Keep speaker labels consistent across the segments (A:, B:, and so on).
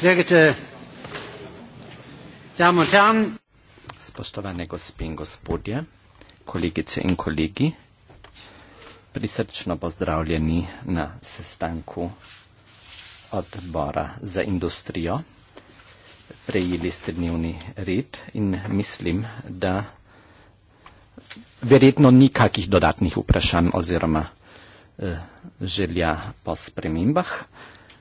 A: Sehr geehrte Damen und Herren, spoštovane gospe in gospodje, kolegice in kolegi, prisrčno pozdravljeni na sestanku odbora za industrijo. Prejeli ste dnevni red in mislim, da verjetno ni kakih dodatnih vprašanj oziroma eh, želja po spremembah.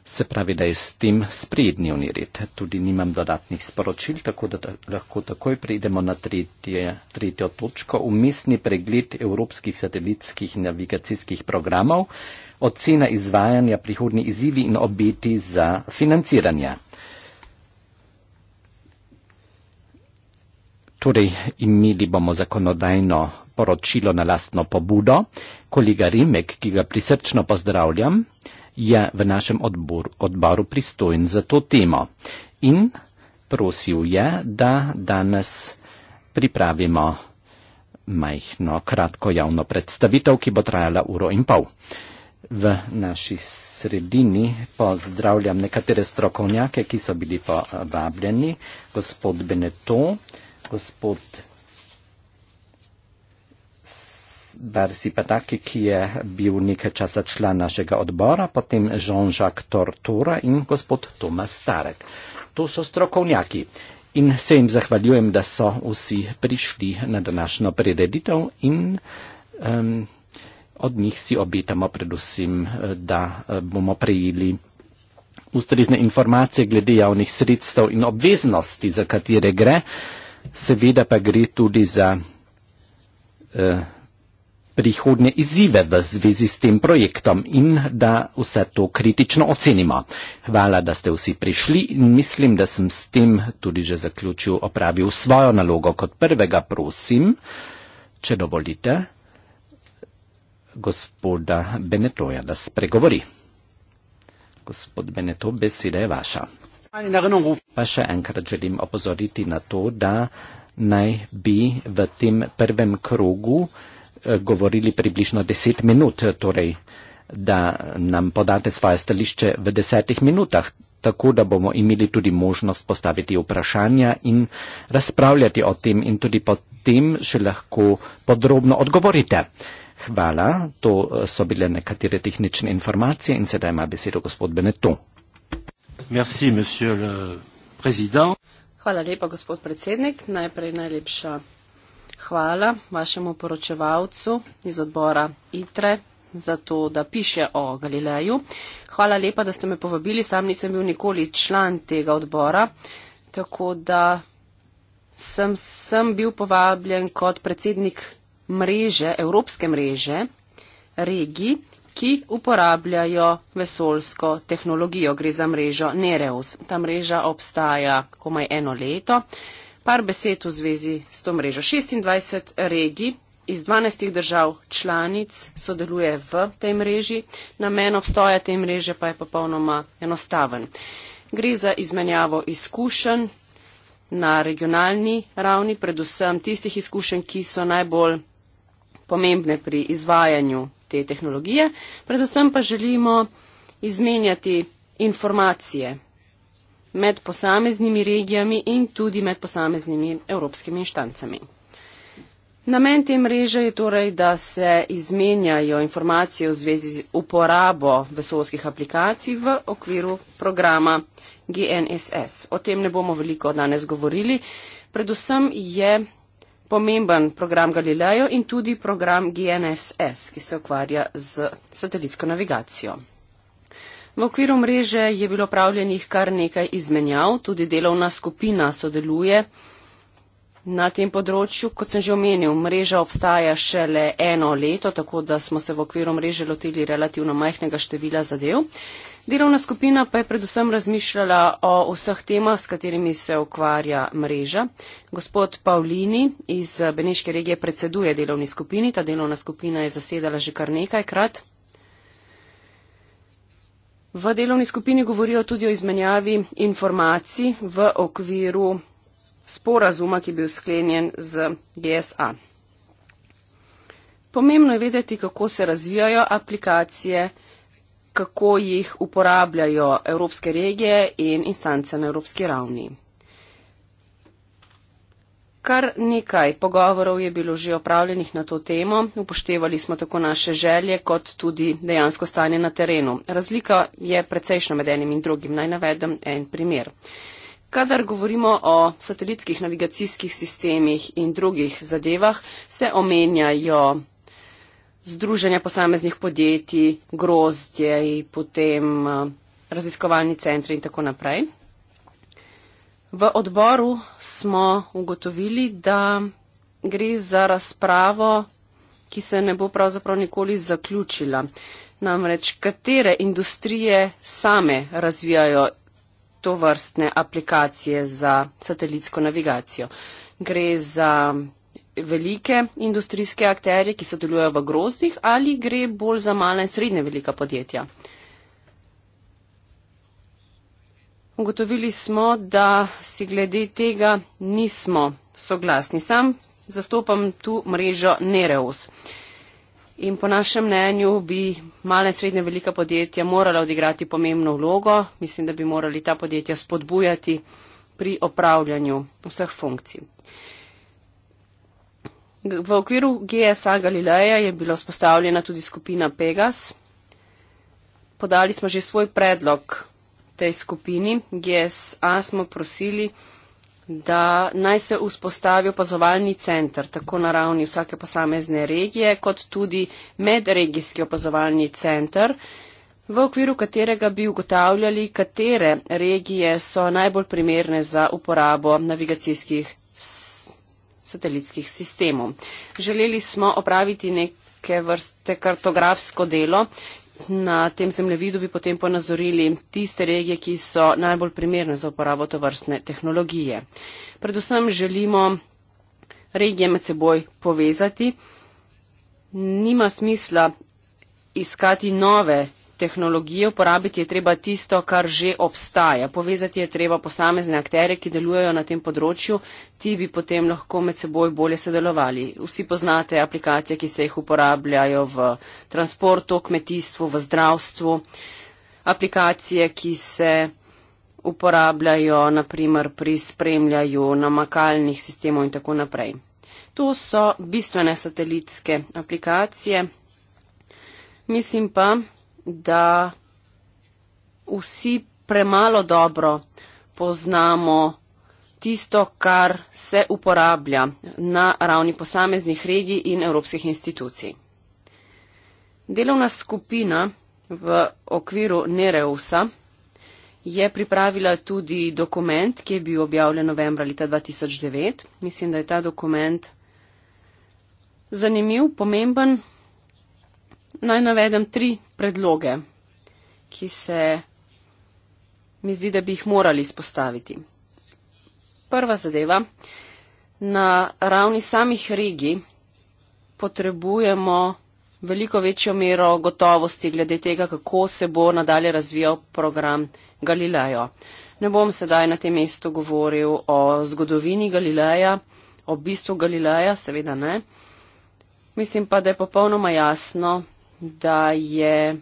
A: Se pravi, da je s tem sprednjevni red. Tudi nimam dodatnih sporočil, tako da lahko takoj prejdemo na tretje, tretjo točko. Umestni pregled evropskih satelitskih navigacijskih programov, ocena izvajanja prihodnji izzivi in obeti za financiranje. Torej, imeli bomo zakonodajno poročilo na lastno pobudo. Kolega Rimek, ki ga prisrčno pozdravljam, je v našem odbor, odboru pristojen za to temo in prosil je, da danes pripravimo majhno, kratko javno predstavitev, ki bo trajala uro in pol. V naši sredini pozdravljam nekatere strokovnjake, ki so bili povabljeni, gospod Beneto, gospod Barsi Pataki, ki je bil nekaj časa član našega odbora, potem Jean-Jacques Tortura in gospod Tomas Starek. To so strokovnjaki in se jim zahvaljujem, da so vsi prišli na današnjo prireditev in um, od njih si obetamo predvsem, da eh, bomo prejeli ustrezne informacije glede javnih sredstev in obveznosti, za katere gre. Seveda pa gre tudi za. Uh, prihodne izzive v zvezi s tem projektom in da vse to kritično ocenimo. Hvala, da ste vsi prišli in mislim, da sem s tem tudi že zaključil, opravil svojo nalogo. Kot prvega prosim, če dovolite, gospoda Benetoja, da spregovori. Gospod Beneto, beseda je vaša. Pa še enkrat želim opozoriti na to, da naj bi v tem prvem krogu Eh, govorili približno deset minut, eh, torej da nam podate svoje stališče v desetih minutah, tako da bomo imeli tudi možnost postaviti vprašanja in razpravljati o tem in tudi potem še lahko podrobno odgovorite. Hvala, to eh, so bile nekatere tehnične informacije in sedaj ima besedo gospod Beneto. Merci, monsieur le président.
B: Hvala lepa, gospod predsednik. Najprej najlepša hvala vašemu poročevalcu iz odbora ITRE za to, da piše o Galileju. Hvala lepa, da ste me povabili, sam nisem bil nikoli član tega odbora, tako da sem, sem bil povabljen kot predsednik mreže, Evropske mreže, regi, ki uporabljajo vesolsko tehnologijo, gre za mrežo Nereus. Ta mreža obstaja komaj eno leto par besed v zvezi s to mrežo. 26 regij iz 12 držav članic sodeluje v tej mreži, namen obstoja te mreže pa je popolnoma enostaven. Gre za izmenjavo izkušenj na regionalni ravni, predvsem tistih izkušenj, ki so najbolj pomembne pri izvajanju te tehnologije. Predvsem pa želimo izmenjati informacije med posameznimi regijami in tudi med posameznimi evropskimi inštancami. Namen te mreže je torej, da se izmenjajo informacije v zvezi z uporabo vesolskih aplikacij v okviru programa GNSS. O tem ne bomo veliko danes govorili. Predvsem je pomemben program Galileo in tudi program GNSS, ki se ukvarja z satelitsko navigacijo. V okviru mreže je bilo pravljenih kar nekaj izmenjav, tudi delovna skupina sodeluje na tem področju. Kot sem že omenil, mreža obstaja šele eno leto, tako da smo se v okviru mreže lotili relativno majhnega števila zadev. Delovna skupina pa je predvsem razmišljala o vseh temah, s katerimi se ukvarja mreža. Gospod Paulini iz Beneške regije predseduje delovni skupini. Ta delovna skupina je zasedala že kar nekajkrat. V delovni skupini govorijo tudi o izmenjavi informacij v okviru sporazuma, ki je bil sklenjen z GSA. Pomembno je vedeti, kako se razvijajo aplikacije, kako jih uporabljajo evropske regije in instance na evropski ravni. Kar nekaj pogovorov je bilo že opravljenih na to temo, upoštevali smo tako naše želje, kot tudi dejansko stanje na terenu. Razlika je precejšna med enim in drugim. Naj navedem en primer. Kadar govorimo o satelitskih navigacijskih sistemih in drugih zadevah, se omenjajo združenja posameznih podjetij, grozdje, potem eh, raziskovalni centri in tako naprej. V odboru smo ugotovili, da gre za razpravo, ki se ne bo pravzaprav nikoli zaključila. Namreč, katere industrije same razvijajo to vrstne aplikacije za satelitsko navigacijo? Gre za velike industrijske akterje, ki sodelujejo v grozdih ali gre bolj za male in srednje velika podjetja? Ugotovili smo, da si glede tega nismo soglasni. Sam zastopam tu mrežo Nereus. In po našem mnenju bi male in srednje velika podjetja morala odigrati pomembno vlogo. Mislim, da bi morali ta podjetja spodbujati pri opravljanju vseh funkcij. V okviru GSA Galileja je bila spostavljena tudi skupina Pegas. Podali smo že svoj predlog tej skupini GSA smo prosili, da naj se vzpostavi opazovalni center, tako na ravni vsake posamezne regije, kot tudi medregijski opazovalni center, v okviru katerega bi ugotavljali, katere regije so najbolj primerne za uporabo navigacijskih satelitskih sistemov. Želeli smo opraviti neke vrste kartografsko delo, na tem zemljevidu bi potem ponazorili tiste regije, ki so najbolj primerne za uporabo tovrstne tehnologije. Predvsem želimo regije med seboj povezati. Nima smisla iskati nove tehnologije, uporabiti je treba tisto, kar že obstaja. Povezati je treba posamezne akterje, ki delujejo na tem področju, ti bi potem lahko med seboj bolje sodelovali. Vsi poznate aplikacije, ki se jih uporabljajo v transportu, kmetijstvu, v zdravstvu. Aplikacije, ki se uporabljajo naprimer pri spremljaju namakalnih sistemov in tako naprej. To so bistvene satelitske aplikacije. Mislim pa, da vsi premalo dobro poznamo tisto, kar se uporablja na ravni posameznih regij in evropskih institucij. Delovna skupina v okviru Nereusa je pripravila tudi dokument, ki je bil objavljen novembra leta 2009. Mislim, da je ta dokument zanimiv, pomemben. Naj navedem tri predloge, ki se mi zdi, da bi jih morali spostaviti. Prva zadeva, na ravni samih regij potrebujemo veliko večjo mero gotovosti glede tega, kako se bo nadalje razvijal program Galileo. Ne bom sedaj na tem mestu govoril o zgodovini Galileja, o bistvu Galileja, seveda ne. Mislim pa, da je popolnoma jasno, da je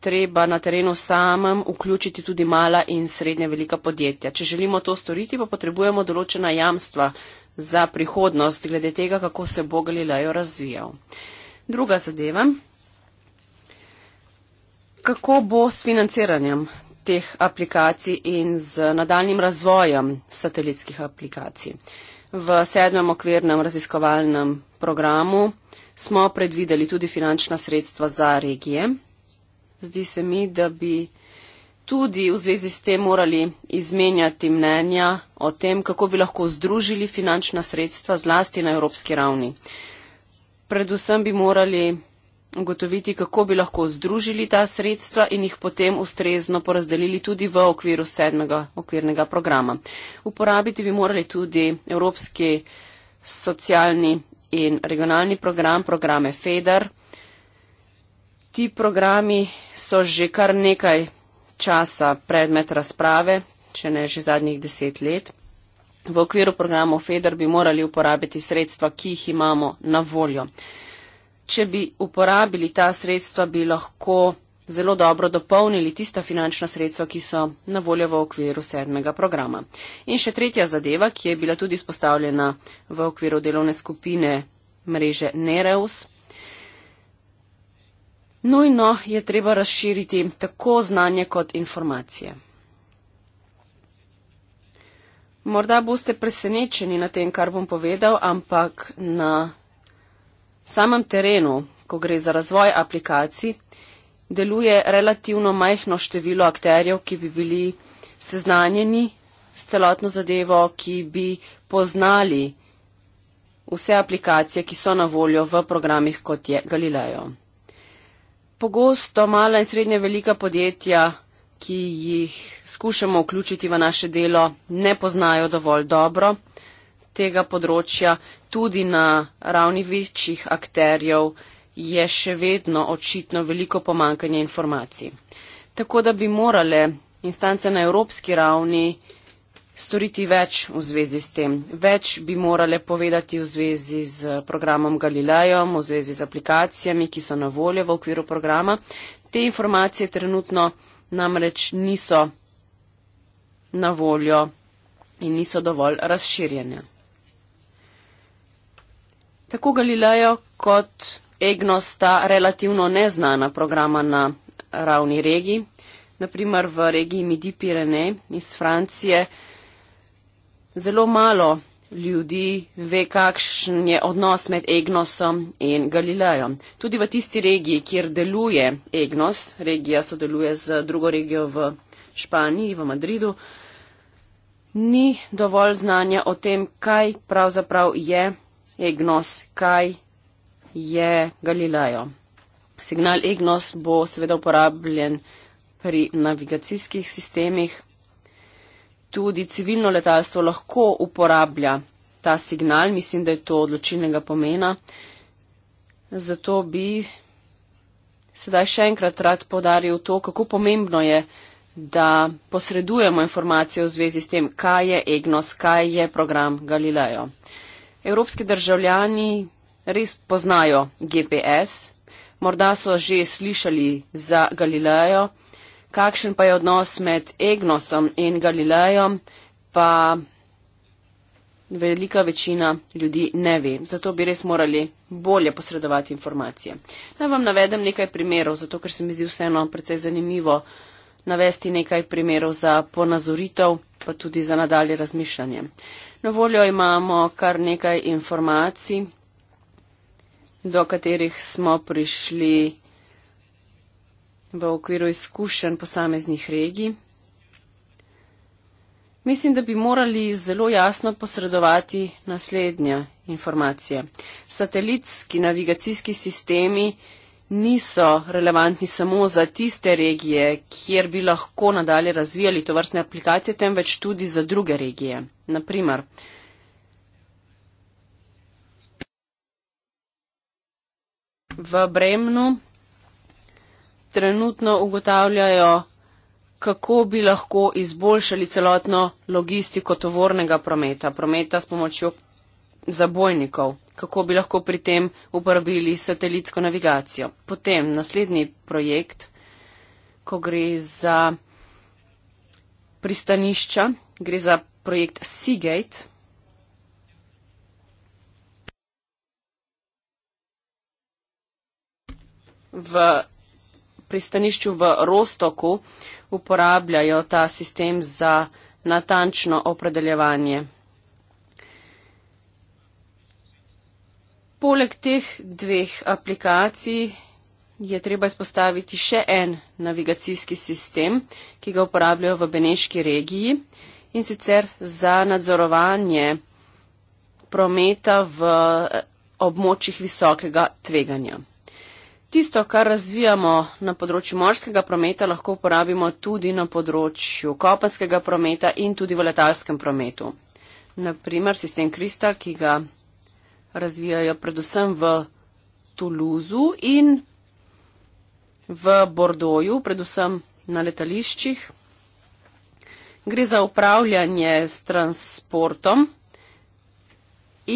B: treba na terenu samem vključiti tudi mala in srednje velika podjetja. Če želimo to storiti, pa potrebujemo določena jamstva za prihodnost, glede tega, kako se bo Galilejo razvijal. Druga zadeva, kako bo s financiranjem teh aplikacij in z nadaljnim razvojem satelitskih aplikacij. V sedmem okvirnem raziskovalnem programu smo predvideli tudi finančna sredstva za regije. Zdi se mi, da bi tudi v zvezi s tem morali izmenjati mnenja o tem, kako bi lahko združili finančna sredstva zlasti na evropski ravni. Predvsem bi morali ugotoviti, kako bi lahko združili ta sredstva in jih potem ustrezno porazdelili tudi v okviru sedmega okvirnega programa. Uporabiti bi morali tudi evropski socialni in regionalni program, programe FEDER. Ti programi so že kar nekaj časa predmet razprave, če ne že zadnjih deset let. V okviru programov FEDER bi morali uporabiti sredstva, ki jih imamo na voljo. Če bi uporabili ta sredstva, bi lahko zelo dobro dopolnili tista finančna sredstva, ki so na voljo v okviru sedmega programa. In še tretja zadeva, ki je bila tudi spostavljena v okviru delovne skupine mreže Nereus. Nujno je treba razširiti tako znanje kot informacije. Morda boste presenečeni na tem, kar bom povedal, ampak na samem terenu, ko gre za razvoj aplikacij, deluje relativno majhno število akterjev, ki bi bili seznanjeni s celotno zadevo, ki bi poznali vse aplikacije, ki so na voljo v programih kot je Galileo. Pogosto mala in srednje velika podjetja, ki jih skušamo vključiti v naše delo, ne poznajo dovolj dobro tega področja, tudi na ravni večjih akterjev, je še vedno očitno veliko pomankanje informacij. Tako da bi morale instance na evropski ravni storiti več v zvezi s tem. Več bi morale povedati v zvezi z programom Galilejem, v zvezi z aplikacijami, ki so na voljo v okviru programa. Te informacije trenutno namreč niso na voljo in niso dovolj razširjene. Tako Galilejo kot EGNOS sta relativno neznana programa na ravni regiji. Naprimer v regiji Midi-Pirene iz Francije zelo malo ljudi ve, kakšen je odnos med EGNOSom in Galilejem. Tudi v tisti regiji, kjer deluje EGNOS, regija sodeluje z drugo regijo v Španiji, v Madridu, ni dovolj znanja o tem, kaj pravzaprav je EGNOS, kaj je Galilejo. Signal EGNOS bo seveda uporabljen pri navigacijskih sistemih. Tudi civilno letalstvo lahko uporablja ta signal, mislim, da je to odločilnega pomena. Zato bi sedaj še enkrat rad podaril to, kako pomembno je, da posredujemo informacije v zvezi s tem, kaj je EGNOS, kaj je program Galileo. Evropski državljani res poznajo GPS, morda so že slišali za Galilejo, kakšen pa je odnos med Egnosom in Galilejom, pa velika večina ljudi ne ve. Zato bi res morali bolje posredovati informacije. Naj vam navedem nekaj primerov, zato ker se mi zdi vseeno precej zanimivo navesti nekaj primerov za ponazoritev, pa tudi za nadalje razmišljanje. Na voljo imamo kar nekaj informacij, do katerih smo prišli v okviru izkušenj posameznih regij. Mislim, da bi morali zelo jasno posredovati naslednje informacije. Satelitski navigacijski sistemi niso relevantni samo za tiste regije, kjer bi lahko nadalje razvijali to vrstne aplikacije, temveč tudi za druge regije. Naprimer, v Bremnu. Trenutno ugotavljajo, kako bi lahko izboljšali celotno logistiko tovornega prometa, prometa s pomočjo zabojnikov, kako bi lahko pri tem uporabili satelitsko navigacijo. Potem naslednji projekt, ko gre za pristanišča, gre za projekt Seagate, v pristanišču v Rostoku uporabljajo ta sistem za natančno opredeljevanje. Poleg teh dveh aplikacij je treba izpostaviti še en navigacijski sistem, ki ga uporabljajo v Beneški regiji in sicer za nadzorovanje prometa v območjih visokega tveganja. Tisto, kar razvijamo na področju morskega prometa, lahko uporabimo tudi na področju kopenskega prometa in tudi v letalskem prometu. Naprimer, sistem Krista, ki ga razvijajo predvsem v Tuluzu in v Bordoju, predvsem na letališčih. Gre za upravljanje s transportom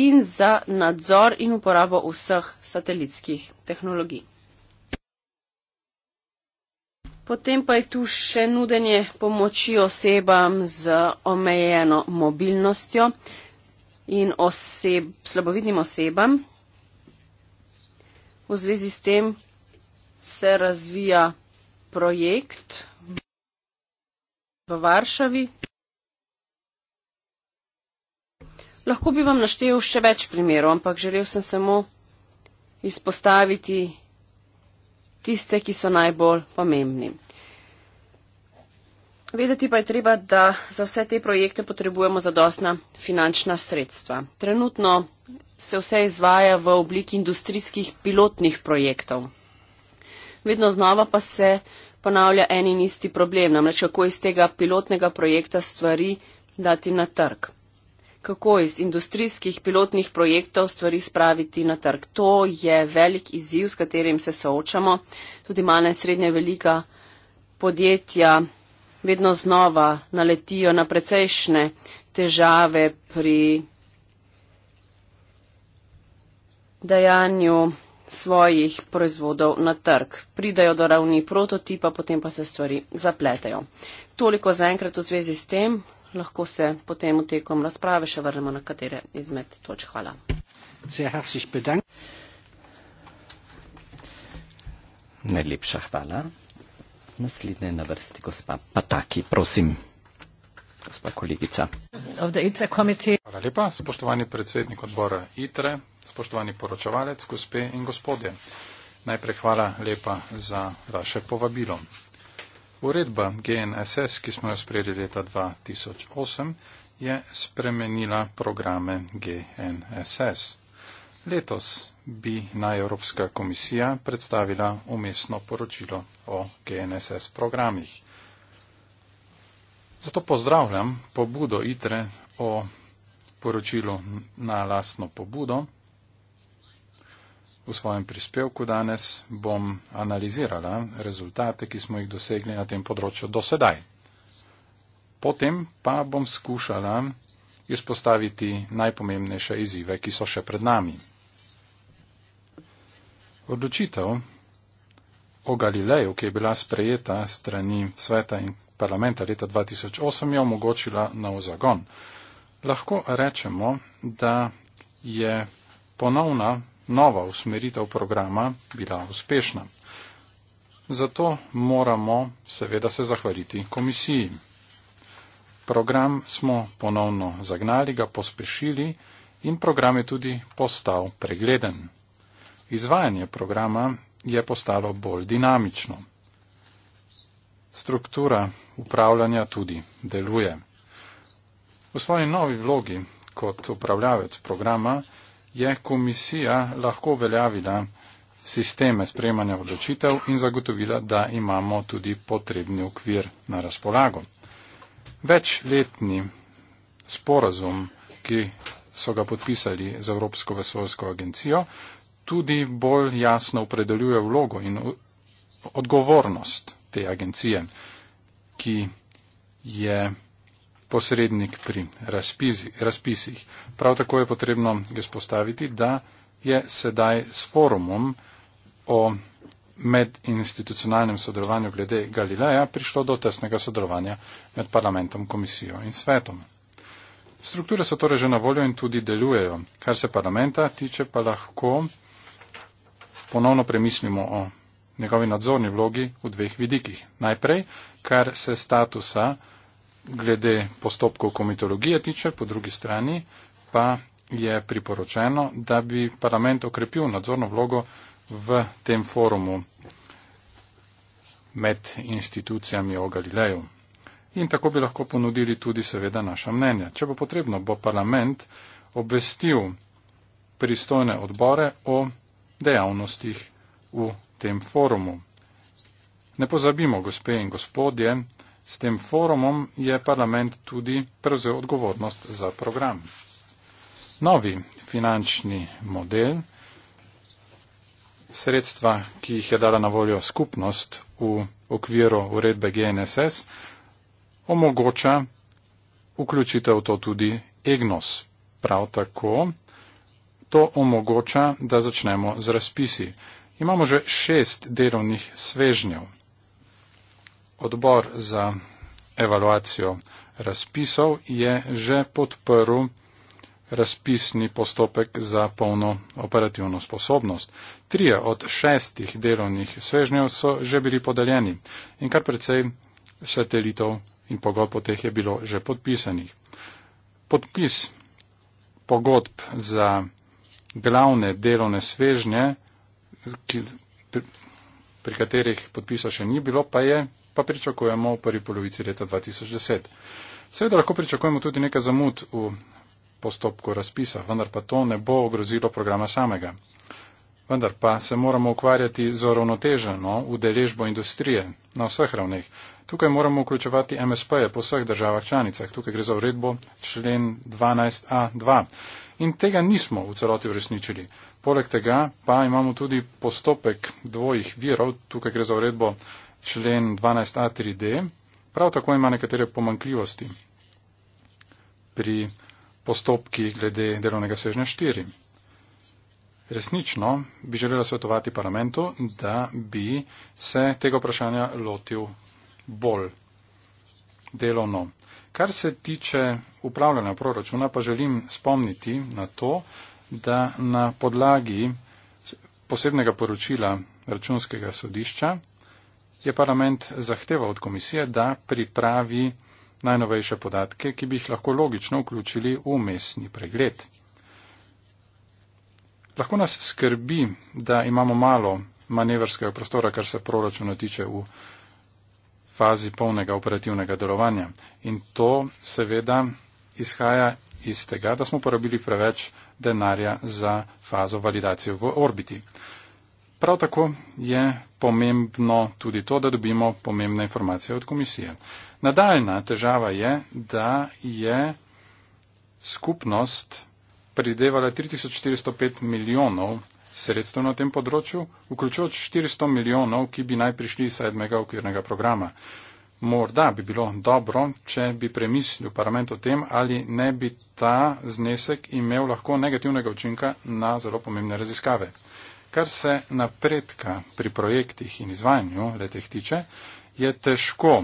B: in za nadzor in uporabo vseh satelitskih tehnologij. Potem pa je tu še nudenje pomoči osebam z omejeno mobilnostjo in oseb, slabovidnim osebam. V zvezi s tem se razvija projekt v Varšavi. Lahko bi vam naštel še več primerov, ampak želel sem samo izpostaviti tiste, ki so najbolj pomembni. Vedeti pa je treba, da za vse te projekte potrebujemo zadostna finančna sredstva. Trenutno se vse izvaja v obliki industrijskih pilotnih projektov. Vedno znova pa se ponavlja en in isti problem, namreč kako iz tega pilotnega projekta stvari dati na trg kako iz industrijskih pilotnih projektov stvari spraviti na trg. To je velik izziv, s katerim se soočamo. Tudi mala in srednja velika podjetja vedno znova naletijo na precejšne težave pri dajanju svojih proizvodov na trg. Pridajo do ravni prototipa, potem pa se stvari zapletajo. Toliko zaenkrat v zvezi s tem lahko se potem v tekom razprave še vrnemo na katere izmed toč. Hvala.
A: Najlepša hvala. Naslednja je na vrsti gospa Pataki, prosim. Gospa kolegica.
C: Hvala lepa, spoštovani predsednik odbora ITRE, spoštovani poročevalec, gospe in gospodje. Najprej hvala lepa za vaše povabilo. Uredba GNSS, ki smo jo sprejeli leta 2008, je spremenila programe GNSS. Letos bi naj Evropska komisija predstavila umestno poročilo o GNSS programih. Zato pozdravljam pobudo ITRE o poročilu na lastno pobudo. V svojem prispevku danes bom analizirala rezultate, ki smo jih dosegli na tem področju do sedaj. Potem pa bom skušala izpostaviti najpomembnejše izzive, ki so še pred nami. Odločitev o Galileju, ki je bila sprejeta strani sveta in parlamenta leta 2008, je omogočila nov zagon. Lahko rečemo, da je ponovna nova usmeritev programa bila uspešna. Zato moramo seveda se zahvaliti komisiji. Program smo ponovno zagnali, ga pospešili in program je tudi postal pregleden. Izvajanje programa je postalo bolj dinamično. Struktura upravljanja tudi deluje. V svoji novi vlogi kot upravljavec programa je komisija lahko veljavila sisteme sprejemanja odločitev in zagotovila, da imamo tudi potrebni okvir na razpolago. Večletni sporazum, ki so ga podpisali z Evropsko vesoljsko agencijo, tudi bolj jasno opredeljuje vlogo in odgovornost te agencije, ki je posrednik pri razpisih. Prav tako je potrebno izpostaviti, da je sedaj s forumom o medinstitucionalnem sodelovanju glede Galileja prišlo do tesnega sodelovanja med parlamentom, komisijo in svetom. Strukture so torej že na voljo in tudi delujejo. Kar se parlamenta tiče, pa lahko ponovno premislimo o njegovi nadzorni vlogi v dveh vidikih. Najprej, kar se statusa glede postopkov komitologije tiče, po drugi strani pa je priporočeno, da bi parlament okrepil nadzorno vlogo v tem forumu med institucijami o Galileju. In tako bi lahko ponudili tudi seveda naša mnenja. Če bo potrebno, bo parlament obvestil pristojne odbore o dejavnostih v tem forumu. Ne pozabimo, gospe in gospodje, S tem forumom je parlament tudi prevzel odgovornost za program. Novi finančni model, sredstva, ki jih je dala na voljo skupnost v okviru uredbe GNSS, omogoča vključitev to tudi EGNOS. Prav tako to omogoča, da začnemo z razpisi. Imamo že šest delovnih svežnjev. Odbor za evaluacijo razpisov je že podprl razpisni postopek za polno operativno sposobnost. Trije od šestih delovnih svežnjev so že bili podeljeni in kar precej satelitov in pogodb o teh je bilo že podpisanih. Podpis pogodb za glavne delovne svežnje, ki, pri, pri katerih podpisa še ni bilo, pa je pa pričakujemo v prvi polovici leta 2010. Seveda lahko pričakujemo tudi nekaj zamud v postopku razpisa, vendar pa to ne bo ogrozilo programa samega. Vendar pa se moramo ukvarjati z uravnoteženo udeležbo industrije na vseh ravneh. Tukaj moramo vključevati MSP-je po vseh državah članicah. Tukaj gre za uredbo člen 12a2. In tega nismo v celoti uresničili. Poleg tega pa imamo tudi postopek dvojih virov. Tukaj gre za uredbo člen 12a3d, prav tako ima nekatere pomankljivosti pri postopki glede delovnega sežnja 4. Resnično bi želela svetovati parlamentu, da bi se tega vprašanja lotil bolj delovno. Kar se tiče upravljanja proračuna, pa želim spomniti na to, da na podlagi posebnega poročila računskega sodišča je parlament zahteval od komisije, da pripravi najnovejše podatke, ki bi jih lahko logično vključili v mestni pregled. Lahko nas skrbi, da imamo malo manevrskega prostora, kar se proračuna tiče v fazi polnega operativnega delovanja. In to seveda izhaja iz tega, da smo porabili preveč denarja za fazo validacije v orbiti. Prav tako je pomembno tudi to, da dobimo pomembne informacije od komisije. Nadaljna težava je, da je skupnost pridevala 3405 milijonov sredstev na tem področju, vključujoč 400 milijonov, ki bi naj prišli iz sedmega okvirnega programa. Morda bi bilo dobro, če bi premislil parlament o tem, ali ne bi ta znesek imel lahko negativnega učinka na zelo pomembne raziskave. Kar se napredka pri projektih in izvajanju leteh tiče, je težko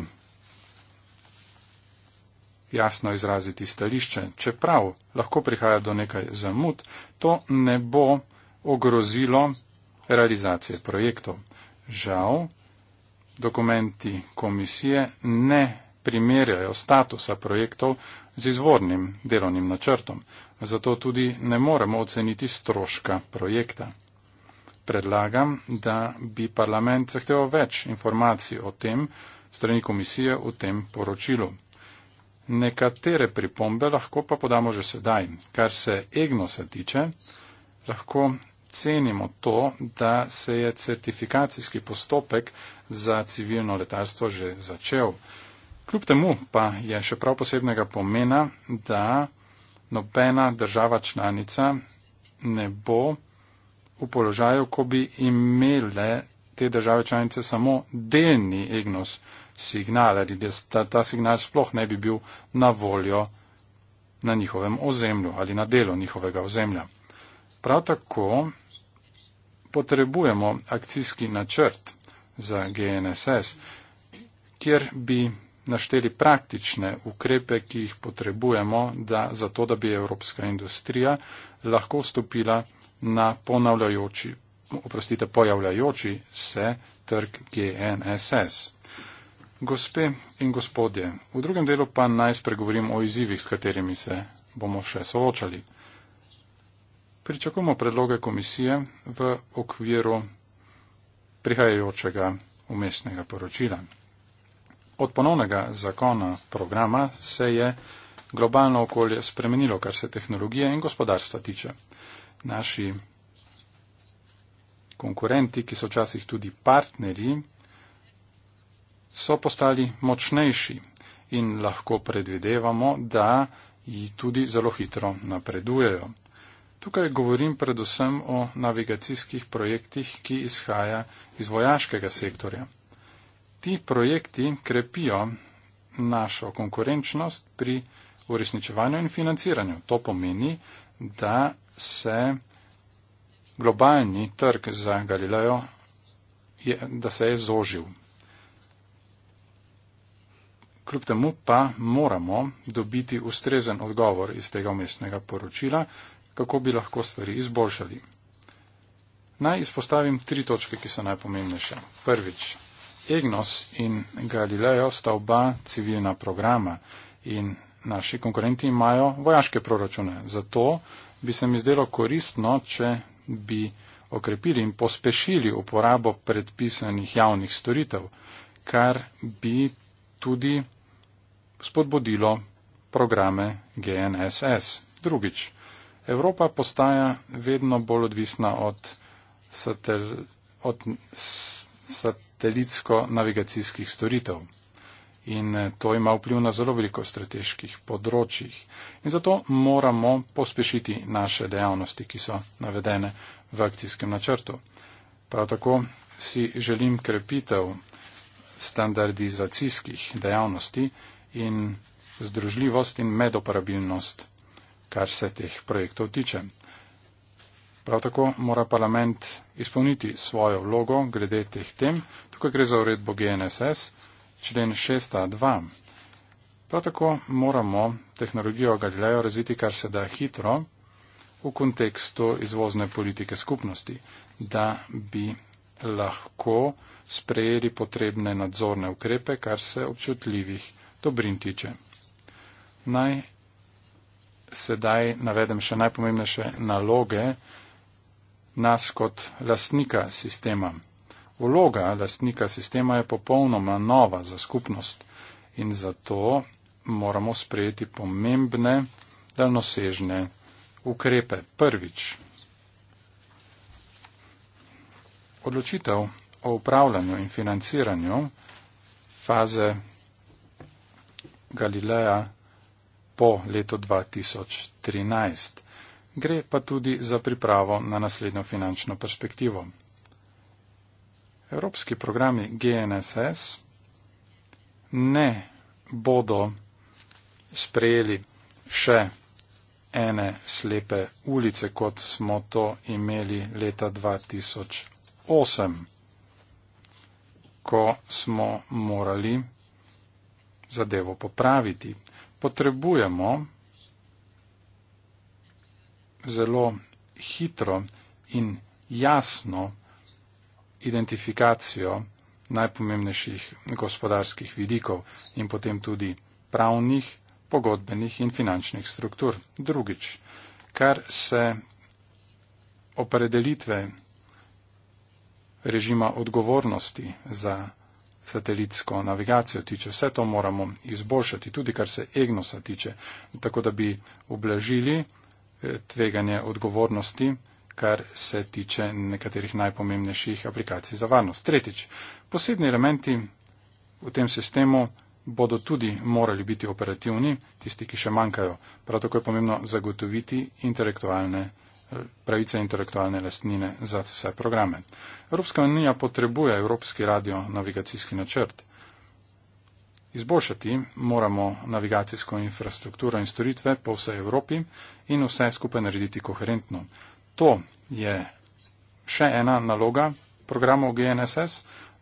C: jasno izraziti stališče. Čeprav lahko prihaja do nekaj zamud, to ne bo ogrozilo realizacije projektov. Žal, dokumenti komisije ne primerjajo statusa projektov z izvornim delovnim načrtom, zato tudi ne moremo oceniti stroška projekta predlagam, da bi parlament zahteval več informacij o tem strani komisije v tem poročilu. Nekatere pripombe lahko pa podamo že sedaj. Kar se EGNOSA tiče, lahko cenimo to, da se je certifikacijski postopek za civilno letarstvo že začel. Kljub temu pa je še prav posebnega pomena, da nobena država članica ne bo v položaju, ko bi imele te države članice samo delni EGNOS signal ali da ta, ta signal sploh ne bi bil na voljo na njihovem ozemlju ali na delu njihovega ozemlja. Prav tako potrebujemo akcijski načrt za GNSS, kjer bi našteli praktične ukrepe, ki jih potrebujemo, da zato, da bi evropska industrija lahko stopila na ponavljajoči, oprostite, pojavljajoči se trg GNSS. Gospe in gospodje, v drugem delu pa naj spregovorim o izzivih, s katerimi se bomo še soočali. Pričakujemo predloge komisije v okviru prihajajočega umestnega poročila. Od ponovnega zakona programa se je globalno okolje spremenilo, kar se tehnologije in gospodarstva tiče naši konkurenti, ki so včasih tudi partnerji, so postali močnejši in lahko predvidevamo, da jih tudi zelo hitro napredujejo. Tukaj govorim predvsem o navigacijskih projektih, ki izhaja iz vojaškega sektorja. Ti projekti krepijo našo konkurenčnost pri uresničevanju in financiranju. To pomeni, da se globalni trg za Galilejo, je, da se je zožil. Kljub temu pa moramo dobiti ustrezen odgovor iz tega umestnega poročila, kako bi lahko stvari izboljšali. Naj izpostavim tri točke, ki so najpomembnejše. Prvič, Egnos in Galileo sta oba civilna programa in naši konkurenti imajo vojaške proračune. Zato bi se mi zdelo koristno, če bi okrepili in pospešili uporabo predpisanih javnih storitev, kar bi tudi spodbudilo programe GNSS. Drugič, Evropa postaja vedno bolj odvisna od, satel, od satelitsko-navigacijskih storitev. In eh, to ima vpliv na zelo veliko strateških področjih. In zato moramo pospešiti naše dejavnosti, ki so navedene v akcijskem načrtu. Prav tako si želim krepitev standardizacijskih dejavnosti in združljivost in medoperabilnost, kar se teh projektov tiče. Prav tako mora parlament izpolniti svojo vlogo glede teh tem. Tukaj gre za uredbo GNSS člen 6.2. Prav tako moramo tehnologijo Galileo razviti kar se da hitro v kontekstu izvozne politike skupnosti, da bi lahko sprejeli potrebne nadzorne ukrepe, kar se občutljivih dobrin tiče. Naj sedaj navedem še najpomembnejše naloge nas kot lastnika sistema. Vloga lastnika sistema je popolnoma nova za skupnost in zato moramo sprejeti pomembne daljnosežne ukrepe. Prvič. Odločitev o upravljanju in financiranju faze Galileja po letu 2013. Gre pa tudi za pripravo na naslednjo finančno perspektivo. Evropski programi GNSS ne bodo sprejeli še ene slepe ulice, kot smo to imeli leta 2008, ko smo morali zadevo popraviti. Potrebujemo zelo hitro in jasno identifikacijo najpomembnejših gospodarskih vidikov in potem tudi pravnih, pogodbenih in finančnih struktur. Drugič, kar se opredelitve režima odgovornosti za satelitsko navigacijo tiče, vse to moramo izboljšati, tudi kar se EGNOSA tiče, tako da bi ublažili eh, tveganje odgovornosti kar se tiče nekaterih najpomembnejših aplikacij za varnost. Tretjič, posebni elementi v tem sistemu bodo tudi morali biti operativni, tisti, ki še manjkajo. Prav tako je pomembno zagotoviti intelektualne pravice intelektualne lastnine za vse programe. Evropska unija potrebuje Evropski radio navigacijski načrt. Izboljšati moramo navigacijsko infrastrukturo in storitve po vsej Evropi in vse skupaj narediti koherentno. To je še ena naloga programov GNSS,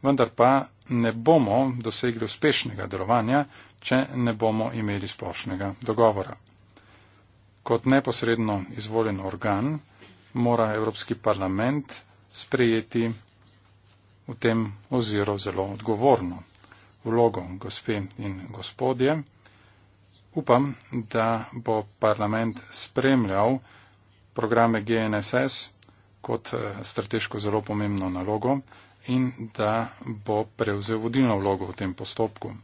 C: vendar pa ne bomo dosegli uspešnega delovanja, če ne bomo imeli splošnega dogovora. Kot neposredno izvoljen organ mora Evropski parlament sprejeti v tem oziru zelo odgovorno vlogo gospe in gospodje. Upam, da bo parlament spremljal, programe GNSS kot eh, strateško zelo pomembno nalogo in da bo prevzel vodilno vlogo v tem postopku.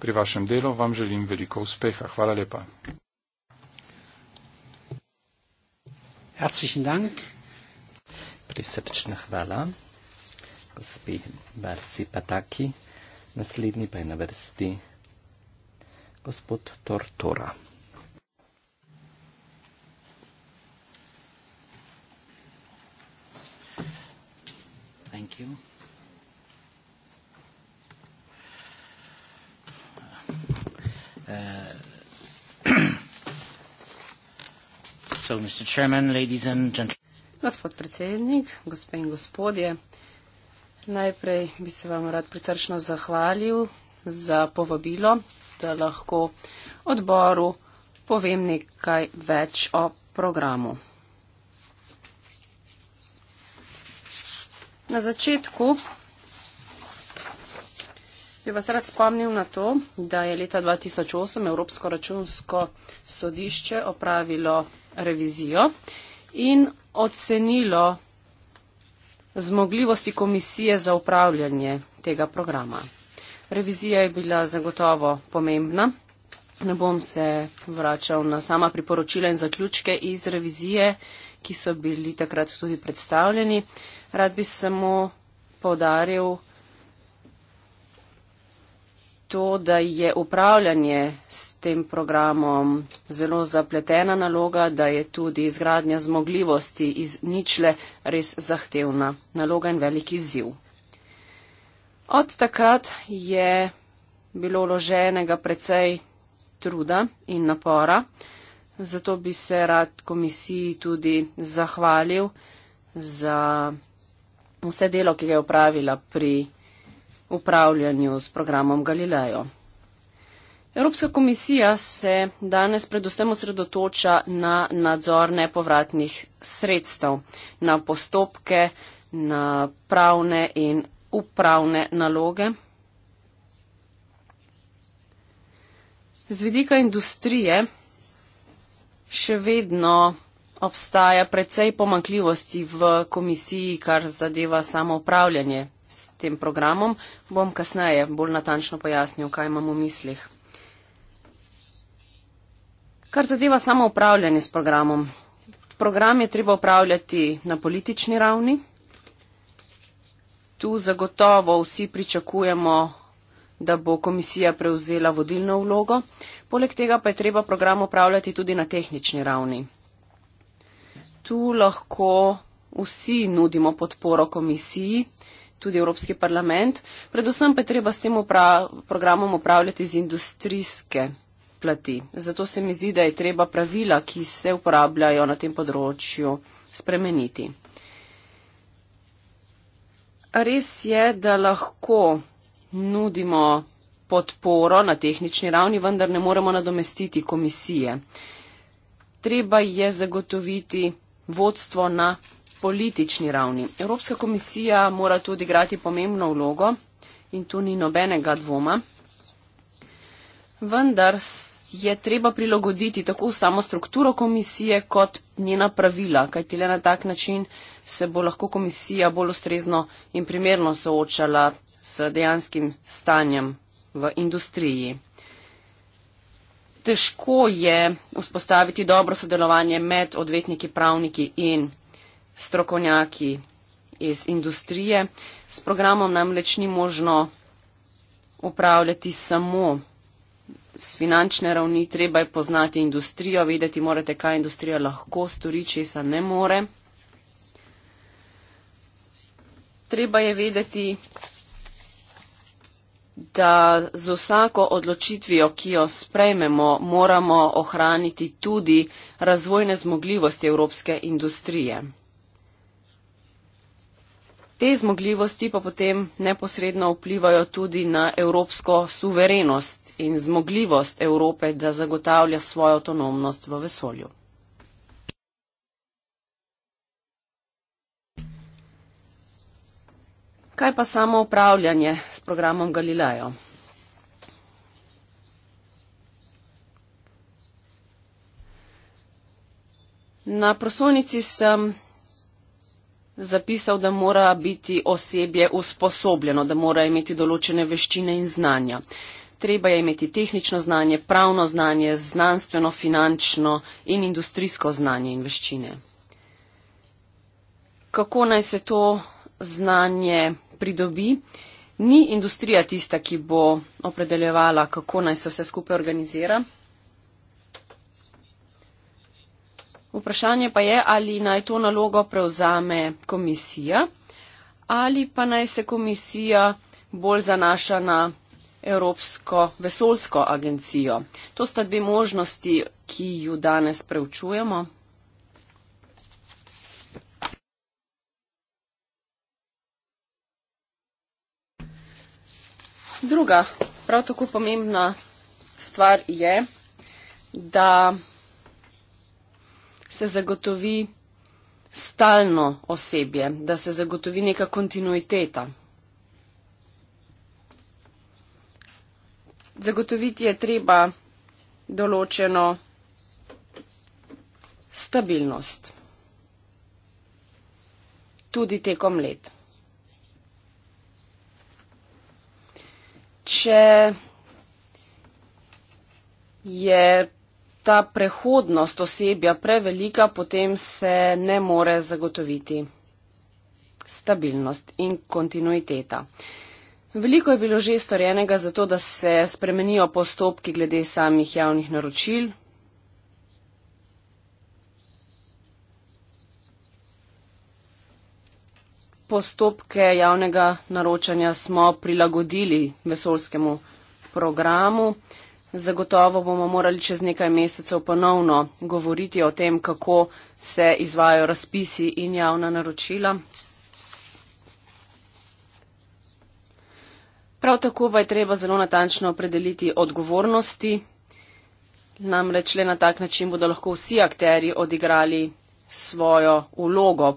C: Pri vašem delu vam želim veliko uspeha. Hvala lepa.
A: Herzlichen Dank.
C: Prisrčna
A: hvala, gospi Barsi Pataki. Naslednji pa je na vrsti gospod Tortora. Thank you. Uh,
B: Gospod predsednik, gospe in gospodje, najprej bi se vam rad prisrčno zahvalil za povabilo, da lahko odboru povem nekaj več o programu. na začetku bi vas rad spomnil na to, da je leta 2008 Evropsko računsko sodišče opravilo revizijo in ocenilo zmogljivosti komisije za upravljanje tega programa. Revizija je bila zagotovo pomembna. Ne bom se vračal na sama priporočila in zaključke iz revizije, ki so bili takrat tudi predstavljeni. Uh, Rad bi samo povdaril to, da je upravljanje s tem programom zelo zapletena naloga, da je tudi izgradnja zmogljivosti iz ničle res zahtevna naloga in veliki ziv. Od takrat je bilo loženega precej truda in napora, zato bi se rad komisiji tudi zahvalil za vse delo, ki ga je upravila pri upravljanju s programom Galileo. Evropska komisija se danes predvsem osredotoča na nadzor nepovratnih sredstev, na postopke, na pravne in upravne naloge. Z vidika industrije še vedno obstaja precej pomankljivosti v komisiji, kar zadeva samo upravljanje s tem programom. Bom kasneje bolj natančno pojasnil, kaj imam v mislih. Kar zadeva samo upravljanje s programom. Program je treba upravljati na politični ravni. Tu zagotovo vsi pričakujemo, da bo komisija prevzela vodilno vlogo. Poleg tega pa je treba program upravljati tudi na tehnični ravni tu lahko vsi nudimo podporo komisiji, tudi Evropski parlament. Predvsem pa je treba s tem upra programom upravljati z industrijske plati. Zato se mi zdi, da je treba pravila, ki se uporabljajo na tem področju, spremeniti. Res je, da lahko nudimo podporo na tehnični ravni, vendar ne moremo nadomestiti komisije. Treba je zagotoviti vodstvo na politični ravni. Evropska komisija mora tudi igrati pomembno vlogo in tu ni nobenega dvoma. Vendar je treba prilagoditi tako samo strukturo komisije kot njena pravila, kajti le na tak način se bo lahko komisija bolj ustrezno in primerno soočala s dejanskim stanjem v industriji težko je vzpostaviti dobro sodelovanje med odvetniki, pravniki in strokovnjaki iz industrije. S programom namreč ni možno upravljati samo z finančne ravni, treba je poznati industrijo, vedeti morate, kaj industrija lahko stori, česa ne more. Treba je vedeti, da z vsako odločitvijo, ki jo sprejmemo, moramo ohraniti tudi razvojne zmogljivosti evropske industrije. Te zmogljivosti pa potem neposredno vplivajo tudi na evropsko suverenost in zmogljivost Evrope, da zagotavlja svojo avtonomnost v vesolju. Kaj pa samo upravljanje s programom Galileo? Na prosojnici sem zapisal, da mora biti osebje usposobljeno, da mora imeti določene veščine in znanja. Treba je imeti tehnično znanje, pravno znanje, znanstveno, finančno in industrijsko znanje in veščine. Kako naj se to znanje pridobi, ni industrija tista, ki bo opredeljevala, kako naj se vse skupaj organizira. Vprašanje pa je, ali naj to nalogo prevzame komisija ali pa naj se komisija bolj zanaša na Evropsko vesolsko agencijo. To sta dve možnosti, ki ju danes preučujemo. druga prav tako pomembna stvar je, da se zagotovi stalno osebje, da se zagotovi neka kontinuiteta. Zagotoviti je treba določeno stabilnost tudi tekom let. če je ta prehodnost osebja prevelika, potem se ne more zagotoviti stabilnost in kontinuiteta. Veliko je bilo že storjenega za to, da se spremenijo postopki glede samih javnih naročil, postopke javnega naročanja smo prilagodili vesolskemu programu. Zagotovo bomo morali čez nekaj mesecev ponovno govoriti o tem, kako se izvajo razpisi in javna naročila. Prav tako pa je treba zelo natančno opredeliti odgovornosti. Namreč le na tak način bodo lahko vsi akteri odigrali svojo vlogo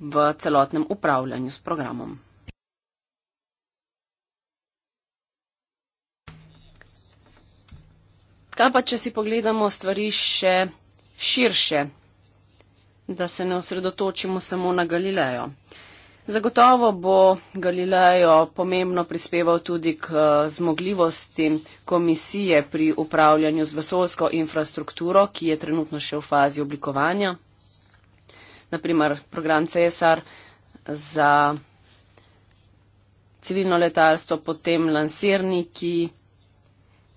B: v celotnem upravljanju s programom. Kaj pa, če si pogledamo stvari še širše, da se ne osredotočimo samo na Galilejo? Zagotovo bo Galilejo pomembno prispeval tudi k zmogljivosti komisije pri upravljanju z vesolsko infrastrukturo, ki je trenutno še v fazi oblikovanja naprimer program Cesar za civilno letalstvo, potem lansirniki,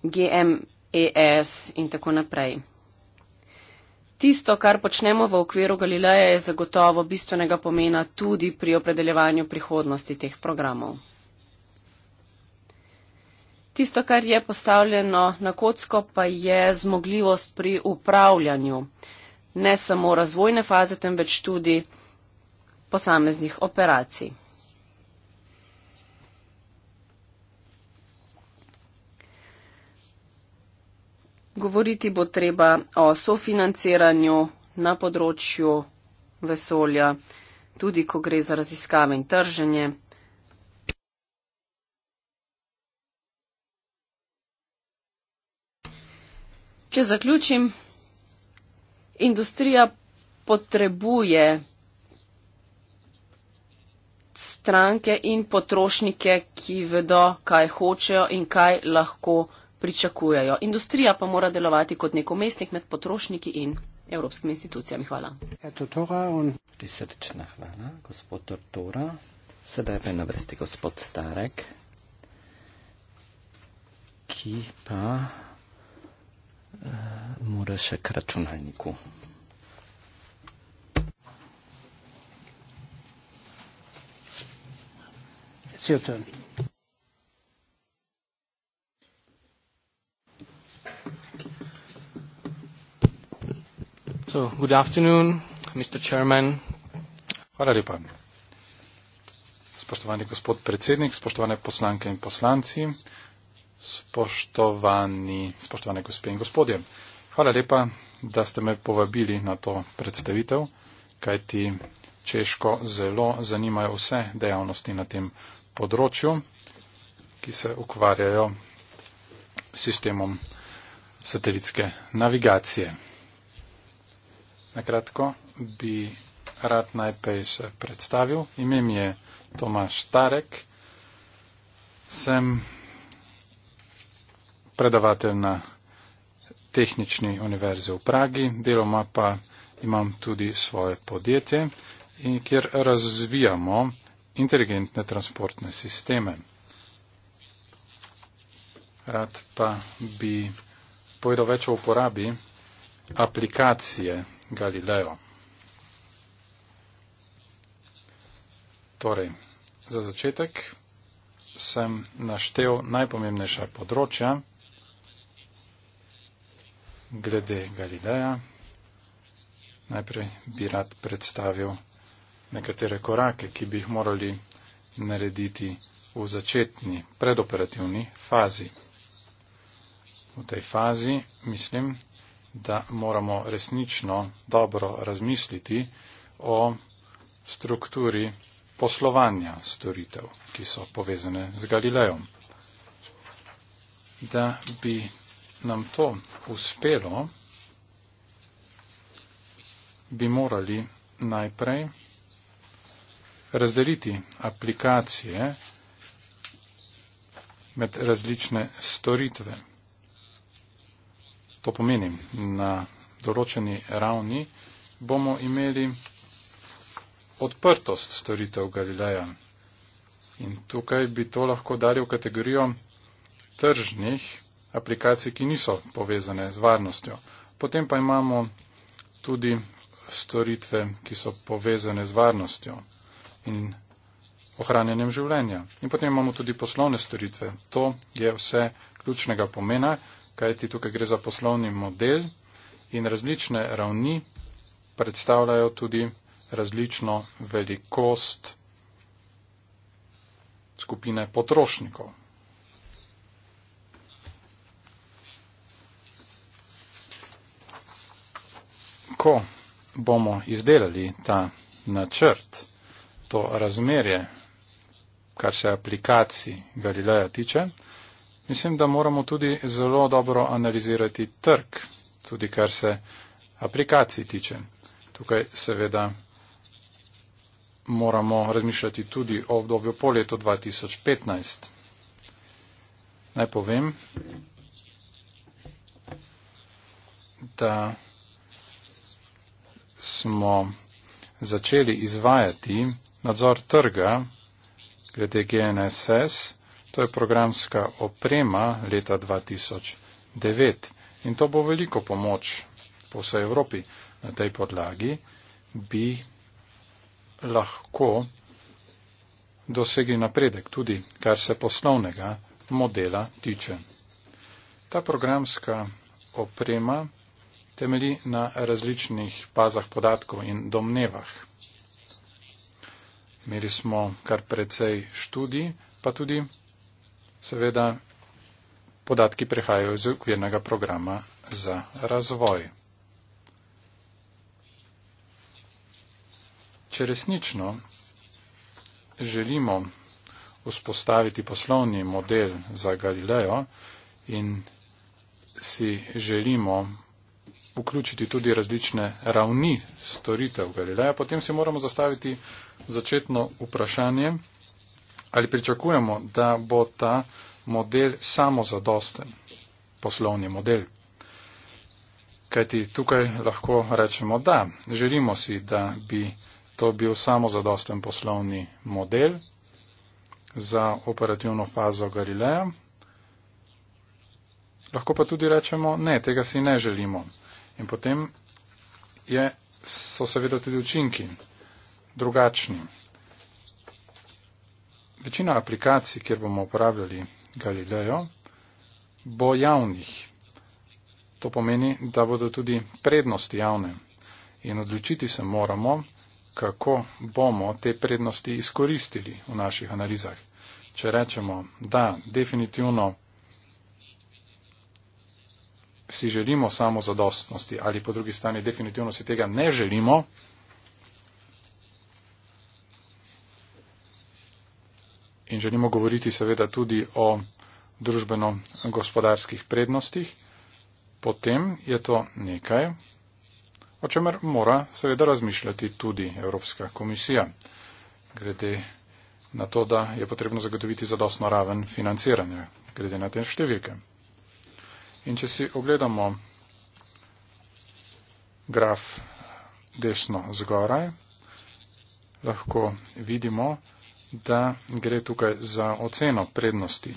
B: GMES in tako naprej. Tisto, kar počnemo v okviru Galileja, je zagotovo bistvenega pomena tudi pri opredeljevanju prihodnosti teh programov. Tisto, kar je postavljeno na kocko, pa je zmogljivost pri upravljanju. Uh, ne samo razvojne faze, temveč tudi posameznih operacij. Govoriti bo treba o sofinanciranju na področju vesolja, tudi ko gre za raziskave in trženje. Če zaključim, industrija potrebuje stranke in potrošnike, ki vedo, kaj hočejo in kaj lahko pričakujejo. Industrija pa mora delovati kot nek umestnik med potrošniki in evropskimi institucijami. Hvala. Prisrčna hvala,
A: gospod Tortura. Sedaj pa je na vrsti gospod Starek, ki pa moraš k računalniku.
C: So, good afternoon, Mr. Chairman. Hvala lepa. Spoštovani gospod predsednik, spoštovane poslanke in poslanci. Spoštovani, spoštovane gospe in gospodje, hvala lepa, da ste me povabili na to predstavitev, kajti Češko zelo zanimajo vse dejavnosti na tem področju, ki se ukvarjajo s sistemom satelitske navigacije. Nakratko bi rad najprej se predstavil. Ime mi je Tomaš Tarek. Sem predavatelj na tehnični univerzi v Pragi, deloma pa imam tudi svoje podjetje, kjer razvijamo inteligentne transportne sisteme. Rad pa bi povedal več o uporabi aplikacije Galileo. Torej, za začetek sem naštel najpomembnejša področja, glede Galileja. Najprej bi rad predstavil nekatere korake, ki bi jih morali narediti v začetni predoperativni fazi. V tej fazi mislim, da moramo resnično dobro razmisliti o strukturi poslovanja storitev, ki so povezane z Galilejem. Da bi nam to uspelo, bi morali najprej razdeliti aplikacije med različne storitve. To pomeni, na določeni ravni bomo imeli odprtost storitev Galileja. In tukaj bi to lahko dali v kategorijo tržnih aplikacij, ki niso povezane z varnostjo. Potem pa imamo tudi storitve, ki so povezane z varnostjo in ohranjenjem življenja. In potem imamo tudi poslovne storitve. To je vse ključnega pomena, kajti tukaj gre za poslovni model in različne ravni predstavljajo tudi različno velikost skupine potrošnikov. kako bomo izdelali ta načrt, to razmerje, kar se aplikacij Galileja tiče, mislim, da moramo tudi zelo dobro analizirati trg, tudi kar se aplikacij tiče. Tukaj seveda moramo razmišljati tudi o obdobju po letu 2015. Naj povem, da smo začeli izvajati nadzor trga glede GNSS, to je programska oprema leta 2009 in to bo veliko pomoč po vsej Evropi na tej podlagi, bi lahko dosegli napredek tudi, kar se poslovnega modela tiče. Ta programska oprema temeli na različnih bazah podatkov in domnevah. Imeli smo kar precej študij, pa tudi seveda podatki prihajajo iz okvirnega programa za razvoj. Če resnično želimo vzpostaviti poslovni model za Galileo in si želimo vključiti tudi različne ravni storitev Galileja, potem si moramo zastaviti začetno vprašanje, ali pričakujemo, da bo ta model samozadosten poslovni model. Kajti tukaj lahko rečemo, da želimo si, da bi to bil samozadosten poslovni model za operativno fazo Galileja. Lahko pa tudi rečemo, ne, tega si ne želimo. In potem je, so seveda tudi učinki drugačni. Večina aplikacij, kjer bomo uporabljali Galileo, bo javnih. To pomeni, da bodo tudi prednosti javne. In odločiti se moramo, kako bomo te prednosti izkoristili v naših analizah. Če rečemo, da definitivno si želimo samo zadostnosti ali po drugi strani definitivno si tega ne želimo, In želimo govoriti seveda tudi o družbeno-gospodarskih prednostih, potem je to nekaj, o čemer mora seveda razmišljati tudi Evropska komisija, glede na to, da je potrebno zagotoviti zadostno raven financiranja, glede na te številke. In če si ogledamo graf desno zgoraj, lahko vidimo, da gre tukaj za oceno prednosti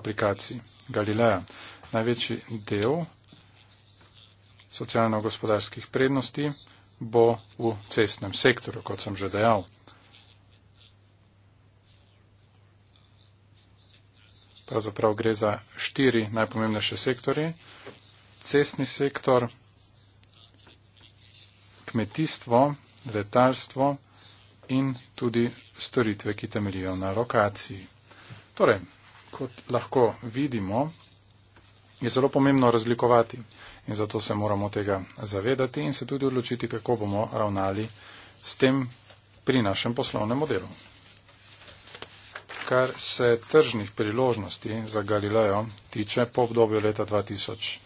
C: aplikacij Galileja. Največji del socialno-gospodarskih prednosti bo v cestnem sektorju, kot sem že dejal. pravzaprav gre za štiri najpomembnejše sektore. Cestni sektor, kmetijstvo, letalstvo in tudi storitve, ki temeljijo na lokaciji. Torej, kot lahko vidimo, je zelo pomembno razlikovati in zato se moramo tega zavedati in se tudi odločiti, kako bomo ravnali s tem pri našem poslovnem modelu. Kar se tržnih priložnosti za Galilejo tiče po obdobju leta 2015,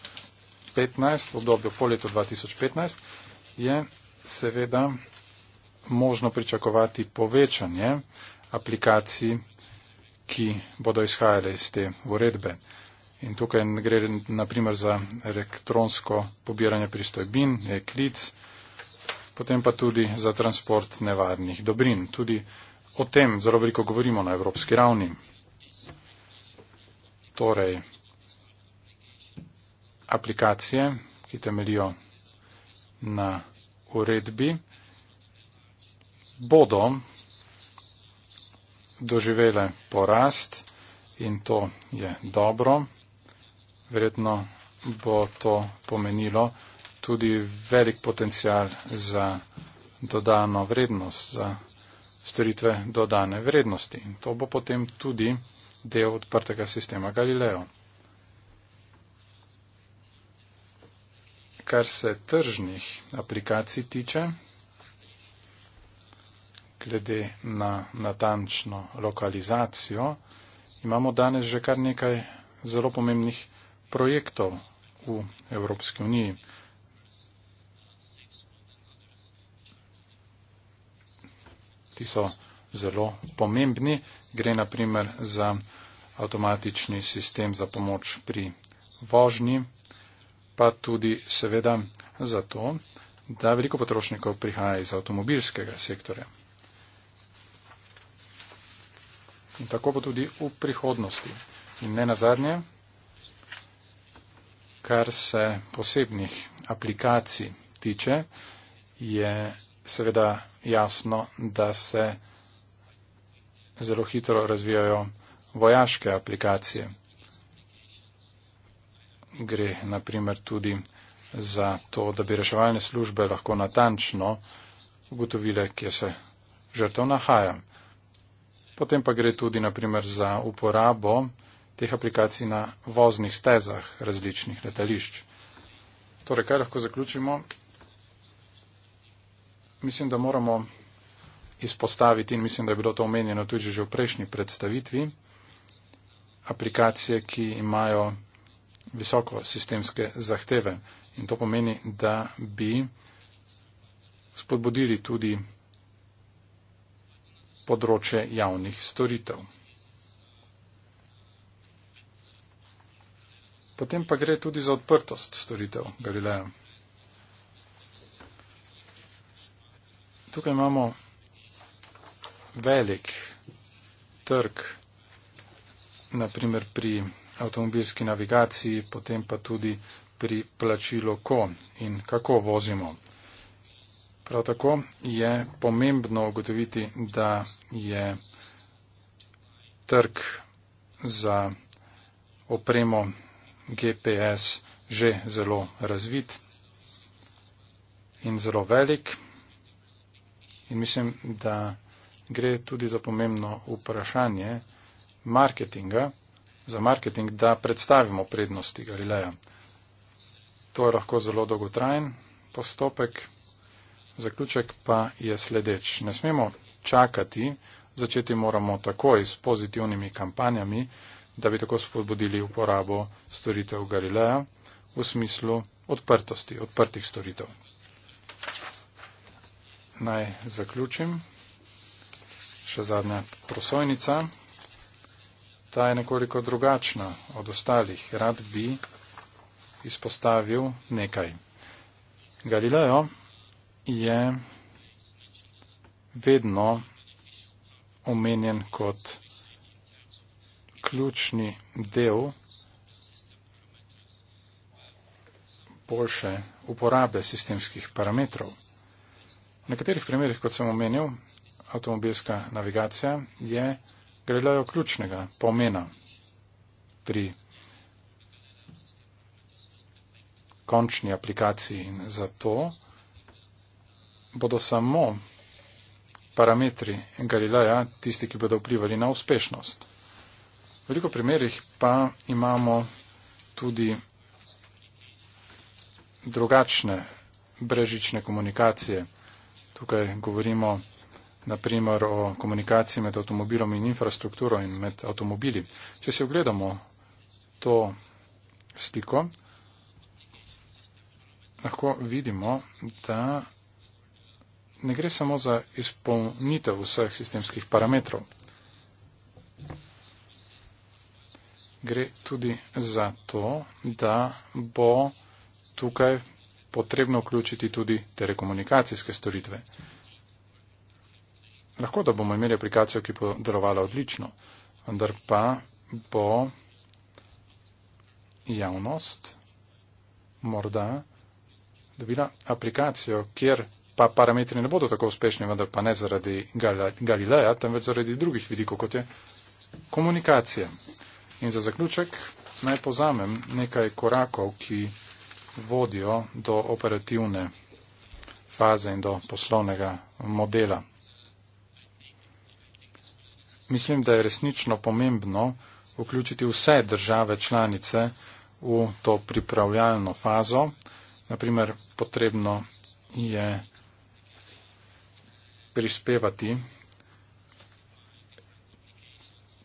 C: obdobju po letu 2015, je seveda možno pričakovati povečanje aplikacij, ki bodo izhajale iz te uredbe. In tukaj gre naprimer za elektronsko pobiranje pristojbin, e-klic, potem pa tudi za transport nevarnih dobrin. Tudi o tem zelo veliko govorimo na evropski ravni. Torej, aplikacije, ki temelijo na uredbi, bodo doživele porast in to je dobro. Verjetno bo to pomenilo tudi velik potencial za dodano vrednost, za storitve dodane vrednosti. In to bo potem tudi del odprtega sistema Galileo. Kar se tržnih aplikacij tiče, glede na natančno lokalizacijo, imamo danes že kar nekaj zelo pomembnih projektov v Evropski uniji. ti so zelo pomembni. Gre naprimer za avtomatični sistem za pomoč pri vožnji, pa tudi seveda za to, da veliko potrošnikov prihaja iz avtomobilskega sektorja. In tako bo tudi v prihodnosti. In ne nazadnje, kar se posebnih aplikacij tiče, je seveda jasno, da se zelo hitro razvijajo vojaške aplikacije. Gre naprimer tudi za to, da bi reševalne službe lahko natančno ugotovile, kje se žrtev nahaja. Potem pa gre tudi naprimer za uporabo teh aplikacij na voznih stezah različnih letališč. Torej, kaj lahko zaključimo? mislim, da moramo izpostaviti in mislim, da je bilo to omenjeno tudi že v prejšnji predstavitvi, aplikacije, ki imajo visoko sistemske zahteve. In to pomeni, da bi spodbudili tudi področje javnih storitev. Potem pa gre tudi za odprtost storitev Galileja. tukaj imamo velik trg, naprimer pri avtomobilski navigaciji, potem pa tudi pri plačilu, ko in kako vozimo. Prav tako je pomembno ugotoviti, da je trg za opremo GPS že zelo razvit in zelo velik. In mislim, da gre tudi za pomembno vprašanje marketinga, za marketing, da predstavimo prednosti Galileja. To je lahko zelo dolgotrajen postopek. Zaključek pa je sledeč. Ne smemo čakati, začeti moramo takoj s pozitivnimi kampanjami, da bi tako spodbudili uporabo storitev Galileja v smislu odprtosti, odprtih storitev naj zaključim. Še zadnja prosojnica. Ta je nekoliko drugačna od ostalih. Rad bi izpostavil nekaj. Galileo je vedno omenjen kot ključni del boljše uporabe sistemskih parametrov nekaterih primerjih, kot sem omenil, avtomobilska navigacija je grelojo ključnega pomena pri končni aplikaciji in zato bodo samo parametri Galileja tisti, ki bodo vplivali na uspešnost. V veliko primerjih pa imamo tudi drugačne brežične komunikacije. Tukaj govorimo naprimer o komunikaciji med avtomobilom in infrastrukturo in med avtomobili. Če se ogledamo to sliko, lahko vidimo, da ne gre samo za izpolnitev vseh sistemskih parametrov. Gre tudi za to, da bo tukaj potrebno vključiti tudi telekomunikacijske storitve. Lahko da bomo imeli aplikacijo, ki bo delovala odlično, vendar pa bo javnost morda dobila aplikacijo, kjer pa parametri ne bodo tako uspešni, vendar pa ne zaradi Galileja, temveč zaradi drugih vidikov, kot je komunikacija. In za zaključek naj pozamem nekaj korakov, ki vodijo do operativne faze in do poslovnega modela. Mislim, da je resnično pomembno vključiti vse države članice v to pripravljalno fazo. Naprimer, potrebno je prispevati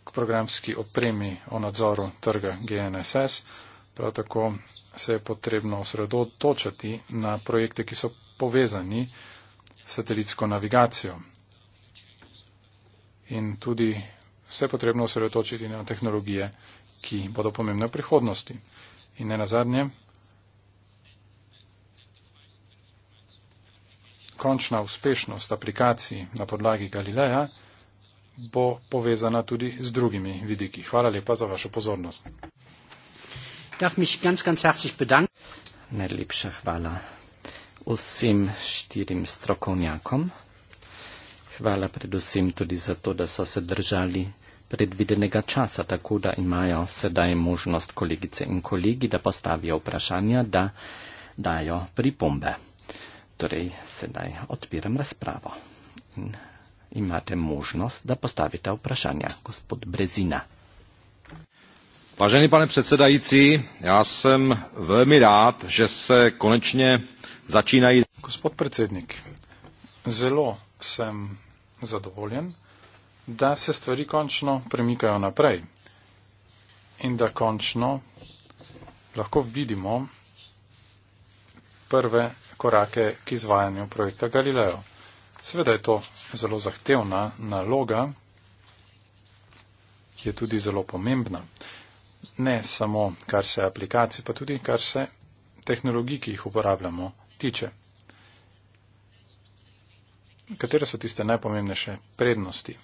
C: k programski opremi o nadzoru trga GNSS, Prav tako se je potrebno osredotočati na projekte, ki so povezani s satelitsko navigacijo. In tudi se je potrebno osredotočiti na tehnologije, ki bodo pomembne v prihodnosti. In ne nazadnje, končna uspešnost aplikacij na podlagi Galileja bo povezana tudi z drugimi vidiki. Hvala lepa za vašo pozornost darf
A: mich ganz, ganz herzlich bedanken. Najlepša hvala vsem štirim strokovnjakom. Hvala predvsem tudi za to, da so se držali predvidenega časa, tako da imajo sedaj možnost kolegice in kolegi, da postavijo vprašanja, da dajo pripombe. Torej, sedaj odpiram razpravo. In imate možnost, da postavite vprašanja, gospod Brezina. Vážený pane předsedající, já
C: jsem velmi rád, že se konečně začínají... Gospod predsednik, zelo sem zadovoljen, da se stvari končno premikajo naprej in da končno lahko vidimo prve korake k izvajanju projekta Galileo. Seveda je to zelo zahtevna naloga, ki je tudi zelo pomembna ne samo kar se aplikacij, pa tudi kar se tehnologij, ki jih uporabljamo, tiče. Katere so tiste najpomembnejše prednosti?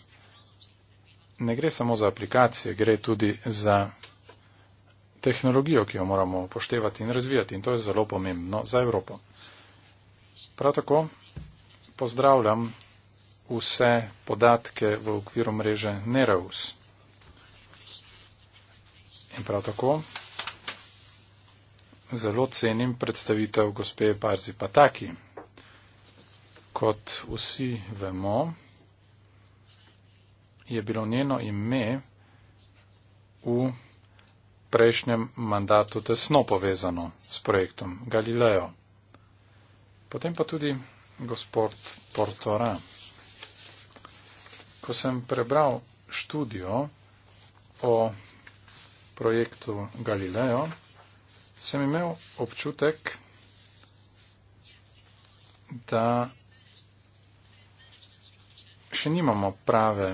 C: Ne gre samo za aplikacije, gre tudi za tehnologijo, ki jo moramo poštevati in razvijati in to je zelo pomembno za Evropo. Prav tako pozdravljam vse podatke v okviru mreže Nereus. In prav tako zelo cenim predstavitev gospe Barzi Pataki. Kot vsi vemo, je bilo njeno ime v prejšnjem mandatu tesno povezano s projektom Galileo. Potem pa tudi gospod Portora. Ko sem prebral študijo o projektu Galileo, sem imel občutek, da še nimamo prave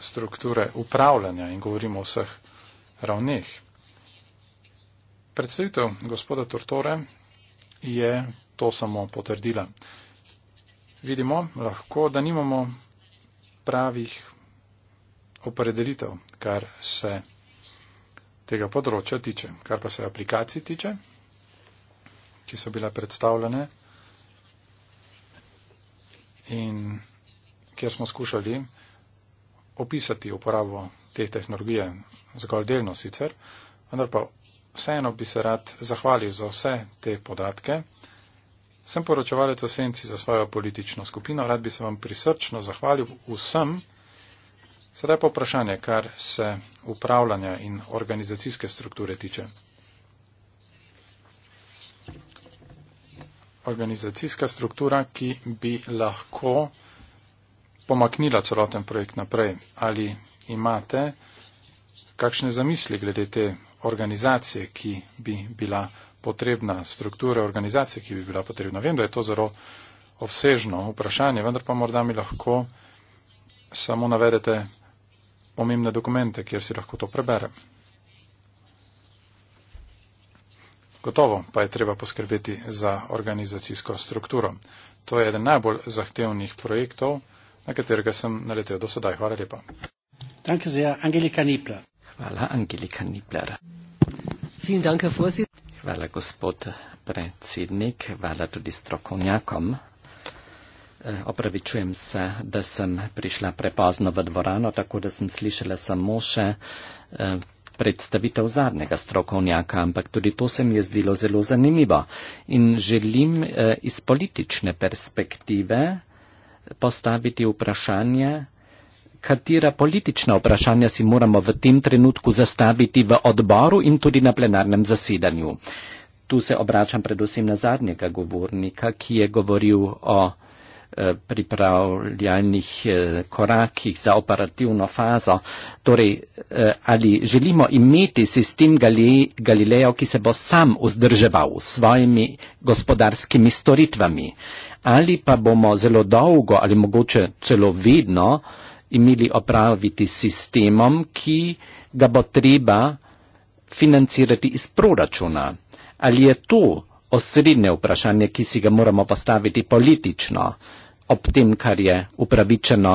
C: strukture upravljanja in govorimo o vseh ravneh. Predstavitev gospoda Tortore je to samo potrdila. Vidimo lahko, da nimamo pravih opredelitev, kar se tega področja tiče. Kar pa se aplikacij tiče, ki so bile predstavljene in kjer smo skušali opisati uporabo te tehnologije zgolj delno sicer, vendar pa vseeno bi se rad zahvalil za vse te podatke. Sem poročevalec o senci za svojo politično skupino, rad bi se vam prisrčno zahvalil vsem, Sedaj pa vprašanje, kar se upravljanja in organizacijske strukture tiče. Organizacijska struktura, ki bi lahko pomaknila celoten projekt naprej. Ali imate kakšne zamisli glede te organizacije, ki bi bila potrebna, strukture organizacije, ki bi bila potrebna? Vem, da je to zelo obsežno vprašanje, vendar pa morda mi lahko samo navedete pomembne dokumente, kjer si lahko to prebere. Gotovo pa je treba poskrbeti za organizacijsko strukturo. To je eden najbolj zahtevnih projektov, na katerega sem naletel do sedaj. Hvala lepa. Hvala, Angelika Nipler.
A: Hvala, gospod predsednik. Hvala tudi strokovnjakom. Opravičujem se, da sem prišla prepozno v dvorano, tako da sem slišala samo še eh, predstavitev zadnjega strokovnjaka, ampak tudi to se mi je zdelo zelo zanimivo. In želim eh, iz politične perspektive postaviti vprašanje, katera politična vprašanja si moramo v tem trenutku zastaviti v odboru in tudi na plenarnem zasedanju. Tu se obračam predvsem na zadnjega govornika, ki je govoril o pripravljalnih eh, korakih za operativno fazo. Torej, eh, ali želimo imeti sistem Galileo, ki se bo sam vzdrževal s svojimi gospodarskimi storitvami, ali pa bomo zelo dolgo ali mogoče celo vedno imeli opraviti s sistemom, ki ga bo treba financirati iz proračuna. Ali je to osrednje vprašanje, ki si ga moramo postaviti politično? ob tem, kar je upravičeno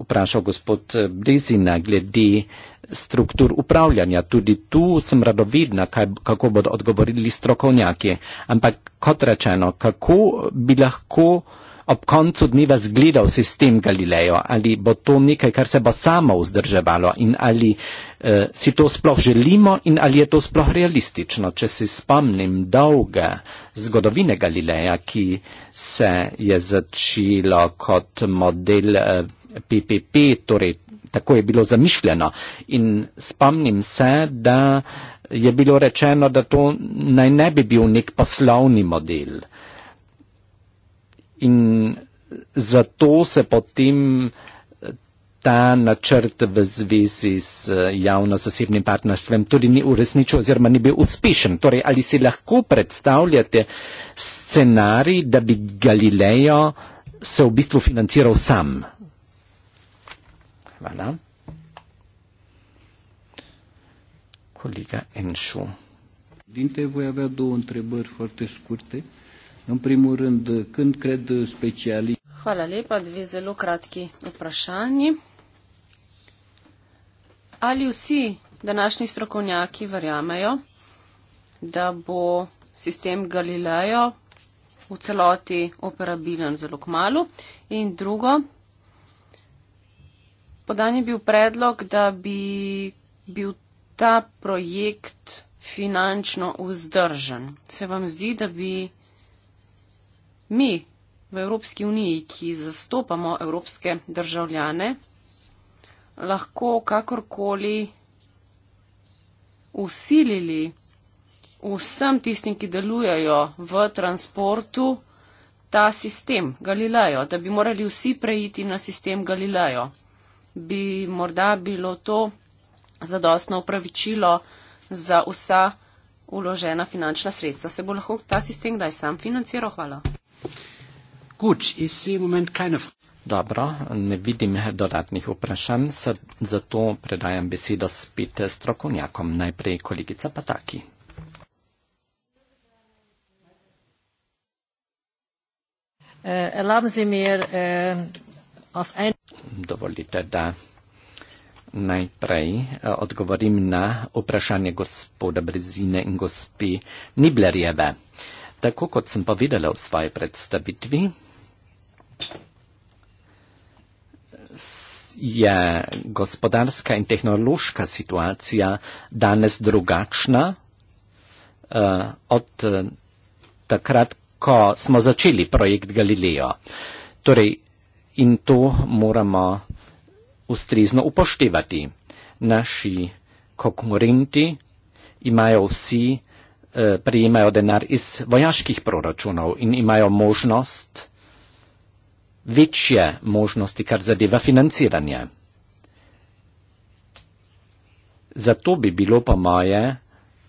A: vprašal gospod Brezina glede struktur upravljanja. Tudi tu sem radovedna, kaj, kako bodo odgovorili strokovnjaki. Ampak kot rečeno, kako bi lahko ob koncu dneva zgledal sistem Galilejo, ali bo to nekaj, kar se bo samo vzdrževalo in ali eh, si to sploh želimo in ali je to sploh realistično. Če se spomnim dolge zgodovine Galileja, ki se je začelo kot model eh, PPP, torej tako je bilo zamišljeno in spomnim se, da je bilo rečeno, da to naj ne bi bil nek poslovni model. Eh, in zato se potem eh, ta načrt v zvezi s eh, javno-sosebnim partnerstvem tudi ni uresničil oziroma ni bil uspešen. Torej, ali si lahko predstavljate scenarij, da bi Galilejo se v bistvu financiral sam? Hvala. Kolega Enšu. Dinte, voja vedo, on treba je forte skurte. In primor rend, kend kred speciali.
B: Hvala lepa, dve zelo kratki vprašanji. Ali vsi današnji strokovnjaki verjamejo, da bo sistem Galilejo v celoti operabilen zelo kmalo? In drugo, podan je bil predlog, da bi bil ta projekt finančno vzdržen. Se vam zdi, da bi mi v Evropski uniji, ki zastopamo evropske državljane, lahko kakorkoli usilili vsem tistim, ki delujejo v transportu, ta sistem Galilejo, da bi morali vsi preiti na sistem Galilejo. Bi morda bilo to zadostno upravičilo za vsa uložena finančna sredstva. Se bo lahko ta sistem kdaj sam financiral? Hvala.
A: Gut, ich sehe im Moment keine Fragen. Dobro, ne vidim dodatnih vprašanj, zato predajam besedo spet strokovnjakom. Najprej kolegica Pataki.
B: Eh, eh,
A: Dovolite, da najprej eh, odgovorim na vprašanje gospoda Brezine in gospe Niblerjeve. Tako kot sem povedala v svoji predstavitvi, je gospodarska in tehnološka situacija danes drugačna uh, od eh, takrat, ko smo začeli projekt Galileo. Torej, in to moramo ustrezno upoštevati. Naši konkurenti imajo vsi Eh, prijemajo denar iz vojaških proračunov in imajo možnost, večje možnosti, kar zadeva financiranje. Zato bi bilo po moje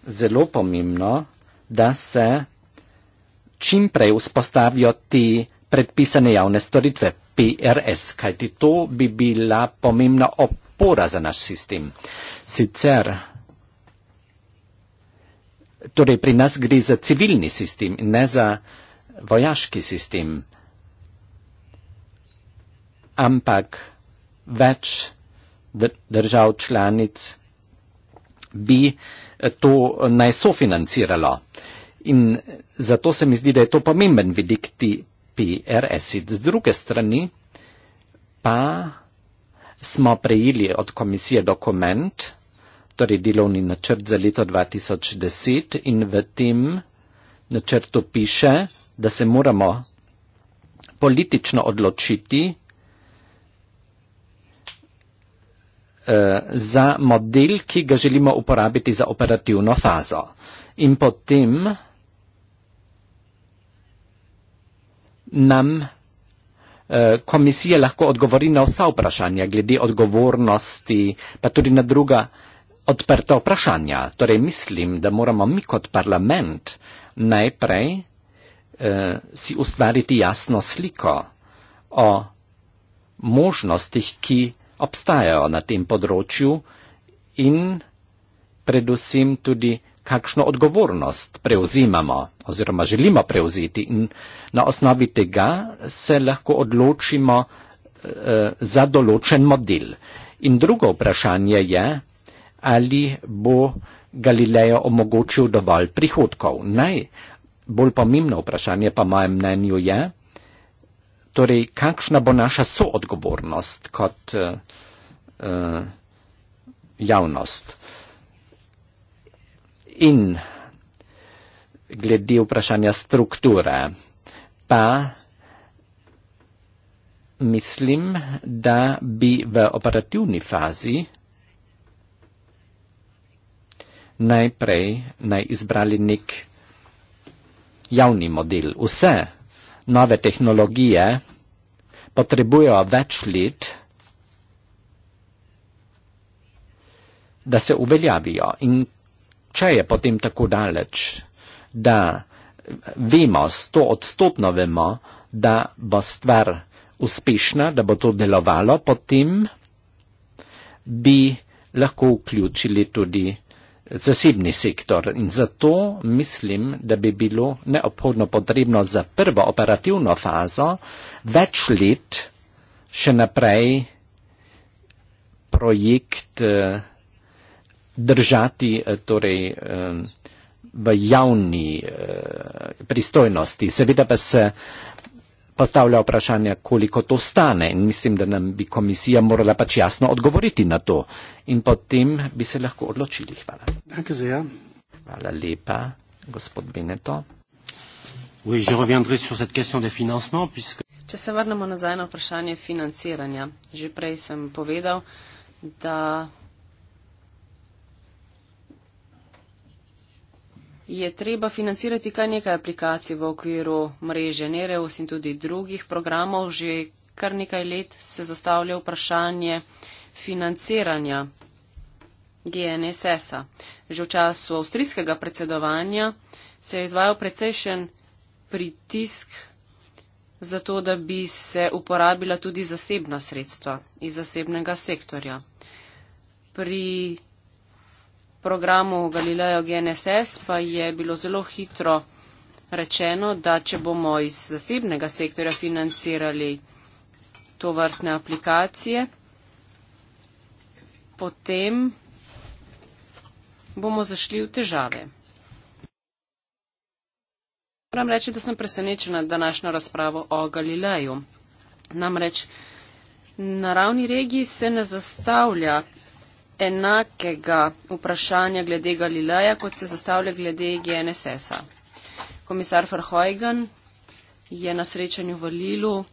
A: zelo pomembno, da se čim prej vzpostavijo ti predpisane javne storitve PRS, kajti to bi bila pomembna opora za naš sistem. Sicer Torej, pri nas gre za civilni sistem in ne za vojaški sistem, ampak več držav članic bi eh, to naj sofinanciralo. In zato se mi zdi, da je to pomemben vidik ti PRS-i. Z druge strani pa smo prejeli od komisije dokument, torej delovni načrt za leto 2010 in v tem načrtu piše, da se moramo politično odločiti eh, za model, ki ga želimo uporabiti za operativno fazo. In potem nam eh, komisija lahko odgovori na vsa vprašanja glede odgovornosti, pa tudi na druga eh, odprto vprašanje. Torej, mislim, da moramo mi kot parlament najprej eh, si ustvariti jasno sliko o možnostih, ki obstajajo na tem področju in predvsem tudi kakšno odgovornost prevzimamo oziroma želimo prevzeti in na osnovi tega se lahko odločimo eh, za določen model. In drugo vprašanje je, ali bo Galileo omogočil dovolj prihodkov. Najbolj pomembno vprašanje pa mojem mnenju je, torej, kakšna bo naša soodgovornost kot uh, uh, javnost. In glede vprašanja strukture, pa mislim, da bi v operativni fazi najprej naj izbrali nek javni model. Vse nove tehnologije potrebujejo več let, da se uveljavijo. In če je potem tako daleč, da vemo, sto odstotno vemo, da bo stvar uspešna, da bo to delovalo, potem bi lahko vključili tudi zasebni sektor in zato mislim, da bi bilo neobhodno potrebno za prvo operativno fazo več let še naprej projekt eh, držati eh, torej, eh, v javni pristojnosti. Seveda pa se postavlja vprašanje, koliko to stane in mislim, da nam bi komisija morala pač jasno odgovoriti na to in potem bi se lahko odločili.
B: Hvala.
A: Hvala lepa, gospod Beneto.
B: Če se vrnemo nazaj na vprašanje financiranja, že prej sem povedal, da je treba financirati kar nekaj aplikacij v okviru mreže Nereus in tudi drugih programov. Že kar nekaj let se zastavlja vprašanje financiranja GNSS-a. Že v času avstrijskega predsedovanja se je izvajal precejšen pritisk za to, da bi se uporabila tudi zasebna sredstva iz zasebnega sektorja. Pri programu Galileo GNSS pa je bilo zelo hitro rečeno, da če bomo iz zasebnega sektorja financirali to vrstne aplikacije, potem bomo zašli v težave. Moram reči, da sem presenečena nad današnjo razpravo o Galileju. Namreč na ravni regiji se ne zastavlja enakega vprašanja glede Galileja, kot se zastavlja glede GNSS-a. Komisar Verhoegen je na srečanju v Lilu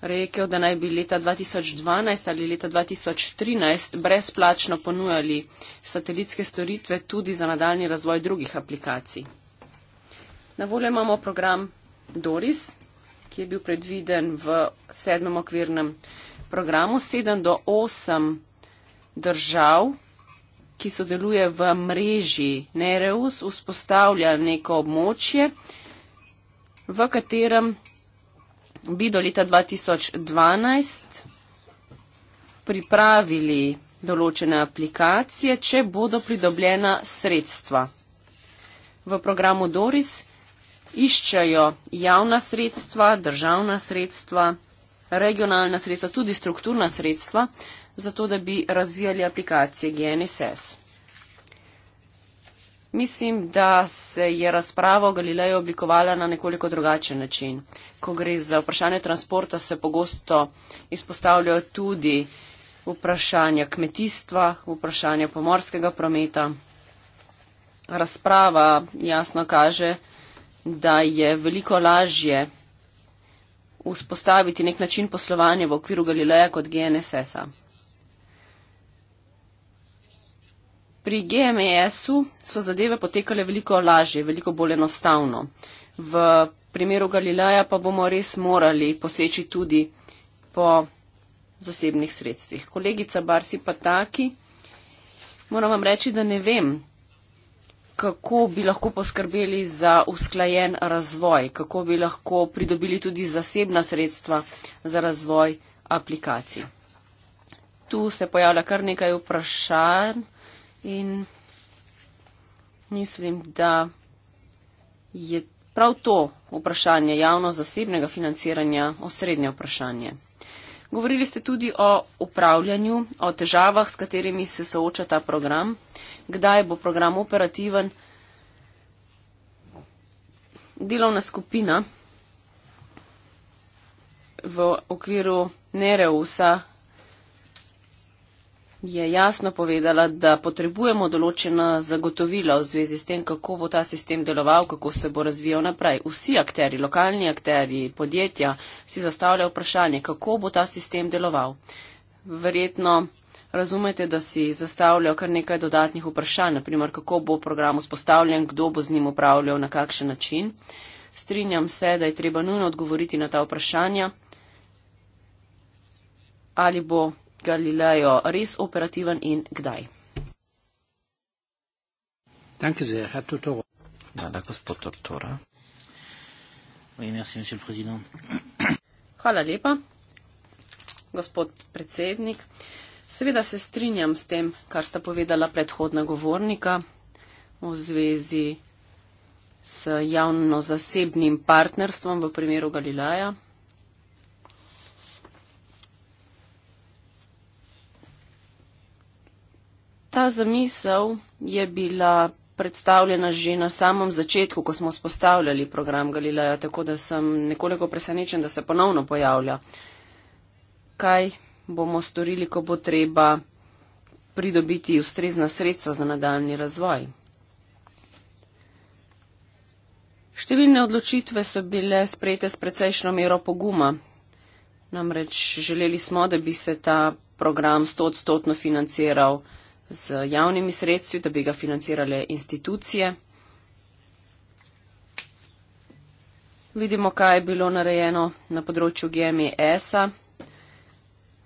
B: rekel, da naj bi leta 2012 ali leta 2013 brezplačno ponujali satelitske storitve tudi za nadaljni razvoj drugih aplikacij. Na voljo imamo program Doris, ki je bil predviden v sedmem okvirnem programu, sedem do osem držav, ki sodeluje v mreži Nereus, vzpostavlja neko območje, v katerem bi do leta 2012 pripravili določene aplikacije, če bodo pridobljena sredstva. V programu Doris iščajo javna sredstva, državna sredstva, regionalna sredstva, tudi strukturna sredstva, zato da bi razvijali aplikacije GNSS. Mislim, da se je razprava o Galileju oblikovala na nekoliko drugačen način. Ko gre za vprašanje transporta, se pogosto izpostavljajo tudi vprašanja kmetijstva, vprašanja pomorskega prometa. Razprava jasno kaže, da je veliko lažje vzpostaviti nek način poslovanja v okviru Galileja kot GNSS-a. pri GMS-u e so zadeve potekale veliko lažje, veliko bolj enostavno. V primeru Galileja pa bomo res morali poseči tudi po zasebnih sredstvih. Kolegica Barsi Pataki, moram vam reči, da ne vem, kako bi lahko poskrbeli za usklajen razvoj, kako bi lahko pridobili tudi zasebna sredstva za razvoj aplikacij. Tu se pojavlja kar nekaj vprašanj. In mislim, da je prav to vprašanje javno-zasebnega financiranja osrednje vprašanje. Govorili ste tudi o upravljanju, o težavah, s katerimi se sooča ta program, kdaj bo program operativen. Delovna skupina v okviru NEREUSA je jasno povedala, da potrebujemo določena zagotovila v zvezi s tem, kako bo ta sistem deloval, kako se bo razvijal naprej. Vsi akteri, lokalni akteri, podjetja si zastavljajo vprašanje, kako bo ta sistem deloval. Verjetno razumete, da si zastavljajo kar nekaj dodatnih vprašanj, naprimer, kako bo program vzpostavljen, kdo bo z njim upravljal, na kakšen način. Strinjam se, da je treba nujno odgovoriti na ta vprašanja. Ali bo Galileo res operativen in kdaj?
A: Hvala, gospod Tortora.
B: Hvala lepa, gospod predsednik. Seveda se strinjam s tem, kar sta povedala predhodna govornika v zvezi s javno-zasebnim partnerstvom v primeru Galileja. Ta zamisel je bila predstavljena že na samem začetku, ko smo spostavljali program Galileja, tako da sem nekoliko presenečen, da se ponovno pojavlja. Kaj bomo storili, ko bo treba pridobiti ustrezna sredstva za nadaljni razvoj? Številne odločitve so bile sprejete s precejšno mero poguma. Namreč želeli smo, da bi se ta program stotstotno financiral z javnimi sredstvi, da bi ga financirale institucije. Vidimo, kaj je bilo narejeno na področju GMES-a.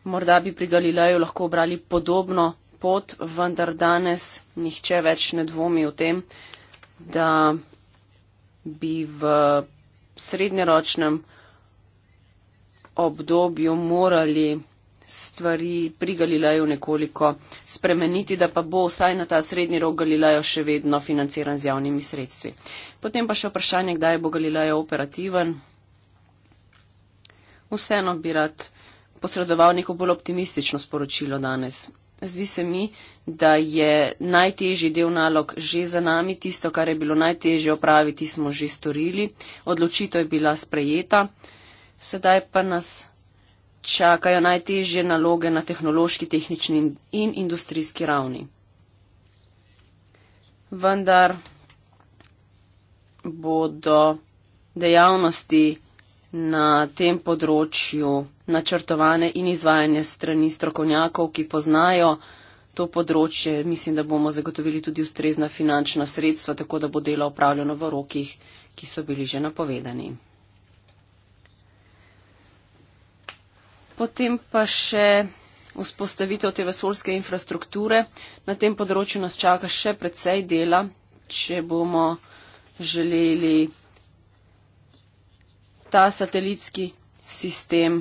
B: Morda bi pri Galileju lahko obrali podobno pot, vendar danes nihče več ne dvomi o tem, da bi v srednjeročnem obdobju morali stvari pri Galileju nekoliko spremeniti, da pa bo vsaj na ta srednji rok Galilejo še vedno financiran z javnimi sredstvi. Potem pa še vprašanje, kdaj bo Galilejo operativen. Vseeno bi rad posredoval neko bolj optimistično sporočilo danes. Zdi se mi, da je najtežji del nalog že za nami, tisto, kar je bilo najtežje opraviti, smo že storili, odločitev je bila sprejeta, sedaj pa nas čakajo najtežje naloge na tehnološki, tehnični in industrijski ravni. Vendar bodo dejavnosti na tem področju načrtovane in izvajanje strani strokovnjakov, ki poznajo to področje, mislim, da bomo zagotovili tudi ustrezna finančna sredstva, tako da bo delo upravljeno v rokih, ki so bili že napovedani. potem pa še vzpostavitev te vesolske infrastrukture. Na tem področju nas čaka še predvsej dela, če bomo želeli ta satelitski sistem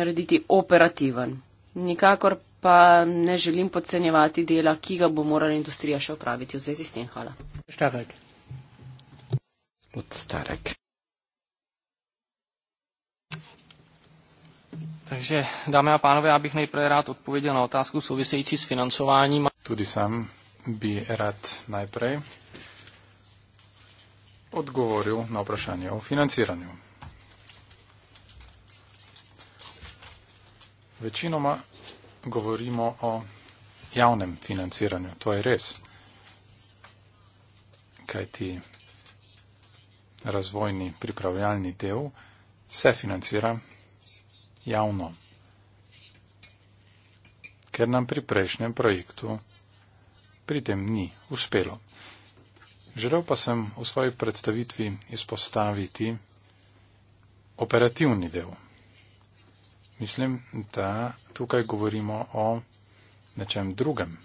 B: narediti operativen. Nikakor pa ne želim podcenjevati dela, ki ga bo morala industrija še opraviti v zvezi s tem. Hvala.
A: Starek. Starek.
B: Takže, dámy a pánové, já bych
A: nejprve
C: rád odpověděl na otázku související s financováním. Tudy sam by rád najprej odgovoril na oprašanie o financiranju. Večinoma govorimo o javnem financiranju, to je res. Kaj ti razvojni pripravljalni del se financira javno. Ker nam pri prejšnjem projektu pri tem ni uspelo. Želel pa sem v svoji predstavitvi izpostaviti operativni del. Mislim, da tukaj govorimo o nečem drugem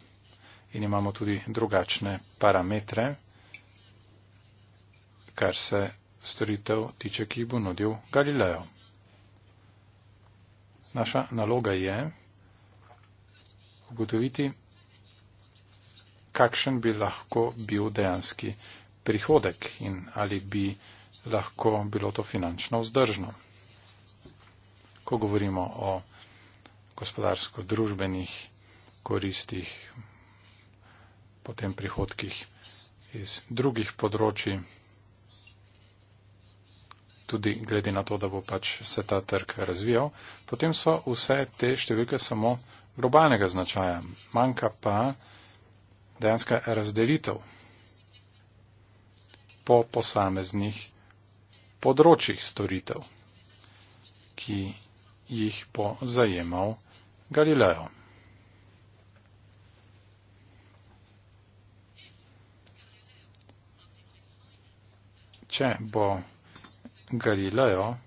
C: in imamo tudi drugačne parametre, kar se storitev tiče, ki jih bo nudil Galileo. Naša naloga je ugotoviti, kakšen bi lahko bil dejanski prihodek in ali bi lahko bilo to finančno vzdržno. Ko govorimo o gospodarsko-družbenih koristih, potem prihodkih iz drugih področji, tudi glede na to, da bo pač se ta trg razvijal, potem so vse te številke samo globalnega značaja. Manjka pa dejanska razdelitev po posameznih področjih storitev, ki jih bo zajemal Galileo. Če bo Galileo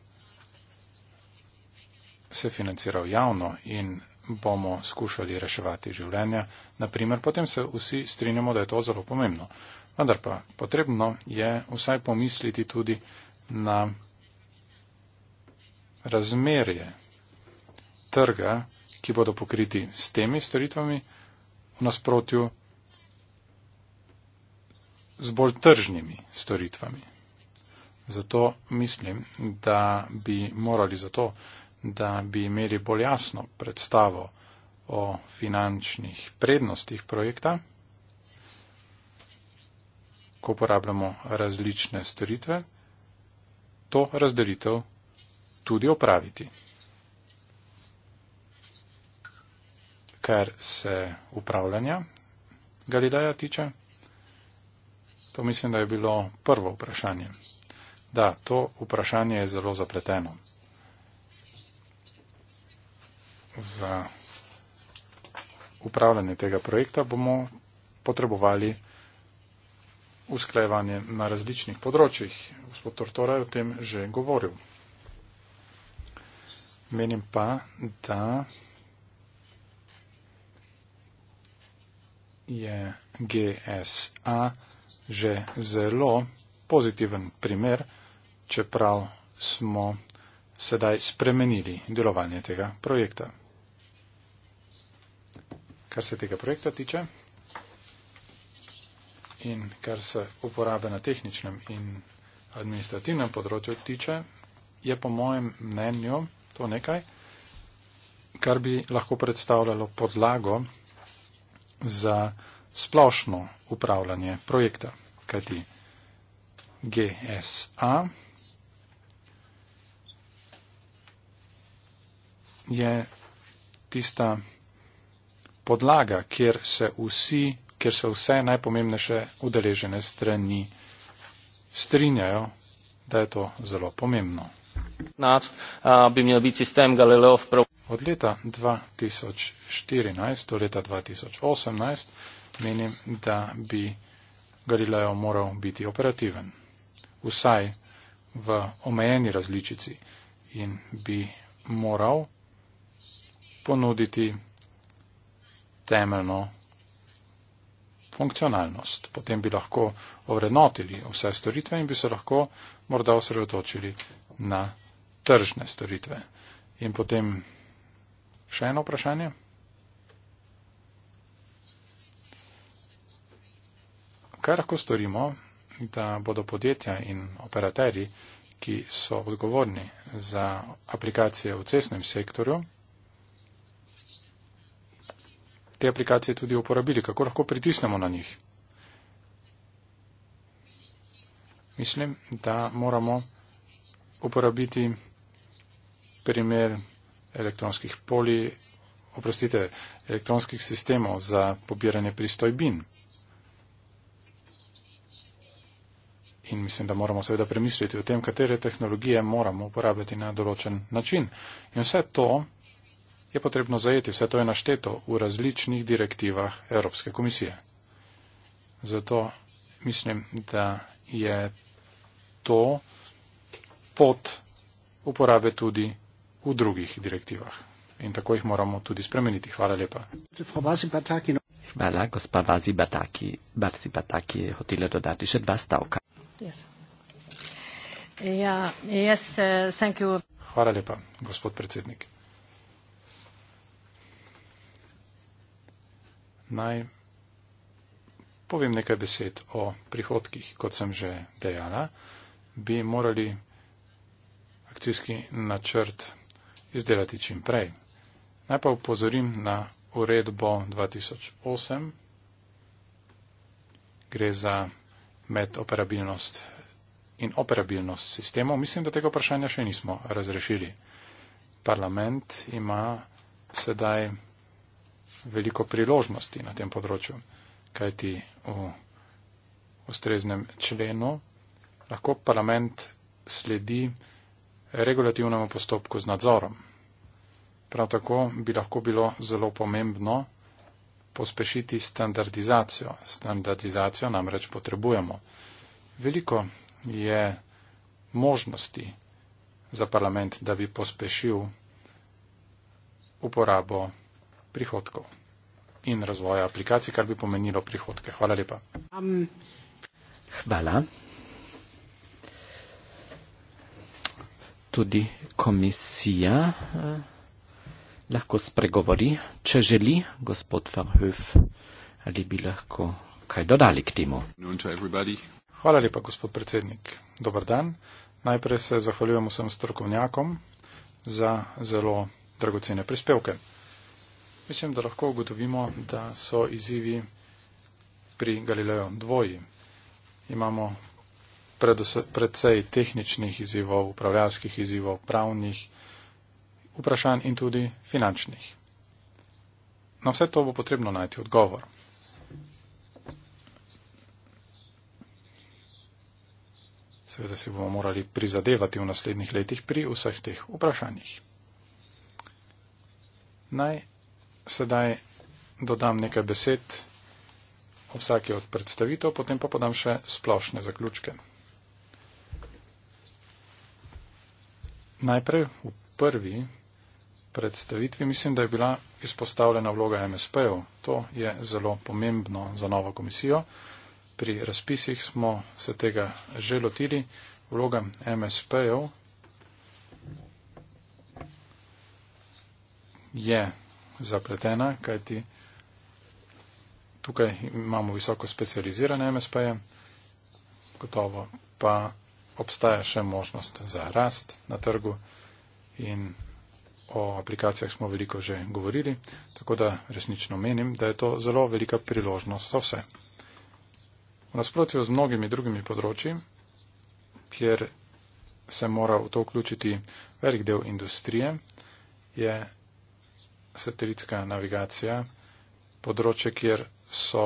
C: se financiral javno in bomo skušali reševati življenja, naprimer, potem se vsi strinjamo, da je to zelo pomembno. Vendar pa potrebno je vsaj pomisliti tudi na razmerje trga, ki bodo pokriti s temi storitvami v nasprotju z bolj tržnimi storitvami. Zato mislim, da bi morali zato, da bi imeli bolj jasno predstavo o finančnih prednostih projekta, ko uporabljamo različne storitve, to razdelitev tudi opraviti. Kar se upravljanja Galileja tiče, to mislim, da je bilo prvo vprašanje. Da, to vprašanje je zelo zapleteno. Za upravljanje tega projekta bomo potrebovali usklajevanje na različnih področjih. Gospod Tortora je o tem že govoril. Menim pa, da je GSA že zelo pozitiven primer, čeprav smo sedaj spremenili delovanje tega projekta. Kar se tega projekta tiče in kar se uporabe na tehničnem in administrativnem področju tiče, je po mojem mnenju to nekaj, kar bi lahko predstavljalo podlago za splošno upravljanje projekta, kajti GSA je tista podlaga, kjer se, vsi, kjer se vse najpomembnejše udeležene strani strinjajo, da je to zelo pomembno. Od leta 2014 do leta 2018 menim, da bi Galileo moral biti operativen, vsaj v omejeni različici in bi moral ponuditi temeljno funkcionalnost. Potem bi lahko ovrednotili vse storitve in bi se lahko morda osredotočili na tržne storitve. In potem še eno vprašanje. Kaj lahko storimo, da bodo podjetja in operaterji, ki so odgovorni za aplikacije v cestnem sektorju, te aplikacije tudi uporabili, kako lahko pritisnemo na njih. Mislim, da moramo uporabiti primer elektronskih poli, oprostite, elektronskih sistemov za pobiranje pristojbin. In mislim, da moramo seveda premisliti o tem, katere tehnologije moramo uporabljati na določen način. In vse to je potrebno zajeti vse to je našteto v različnih direktivah Evropske komisije. Zato mislim, da je to pot uporabe tudi v drugih direktivah. In tako jih moramo tudi spremeniti. Hvala lepa.
A: Hvala, gospa Vazi Bataki. Barsi Bataki
C: je hotela dodati še dva stavka.
B: Yes. Ja, yes, uh, thank you.
C: Hvala lepa, gospod predsednik. naj povem nekaj besed o prihodkih. Kot sem že dejala, bi morali akcijski načrt izdelati čim prej. Naj pa upozorim na uredbo 2008. Gre za medoperabilnost in operabilnost sistemov. Mislim, da tega vprašanja še nismo razrešili. Parlament ima sedaj veliko priložnosti na tem področju, kajti v ustreznem členu lahko parlament sledi regulativnemu postopku z nadzorom. Prav tako bi lahko bilo zelo pomembno pospešiti standardizacijo. Standardizacijo namreč potrebujemo. Veliko je možnosti za parlament, da bi pospešil uporabo prihodkov in razvoja aplikacij, kar bi pomenilo prihodke. Hvala lepa.
A: Um, hvala. Tudi komisija eh, lahko spregovori, če želi, gospod Verhoef, ali bi lahko kaj dodali k temu.
C: Hvala lepa, gospod predsednik. Dobar dan. Najprej se zahvaljujem vsem strokovnjakom za zelo dragocene prispevke. Mislim, da lahko ugotovimo, da so izzivi pri Galileju dvoji. Imamo predvsej tehničnih izzivov, upravljavskih izzivov, pravnih vprašanj in tudi finančnih. Na vse to bo potrebno najti odgovor. Seveda si bomo morali prizadevati v naslednjih letih pri vseh teh vprašanjih. Naj sedaj dodam nekaj besed o vsaki od predstavitev, potem pa podam še splošne zaključke. Najprej v prvi predstavitvi mislim, da je bila izpostavljena vloga MSP-ov. To je zelo pomembno za novo komisijo. Pri razpisih smo se tega že lotili. Vloga MSP-ov je zapletena, kajti tukaj imamo visoko specializirane MSP-je, gotovo pa obstaja še možnost za rast na trgu in o aplikacijah smo veliko že govorili, tako da resnično menim, da je to zelo velika priložnost za vse. V nasprotju z mnogimi drugimi področji, kjer se mora v to vključiti velik del industrije, je satelitska navigacija, področje, kjer so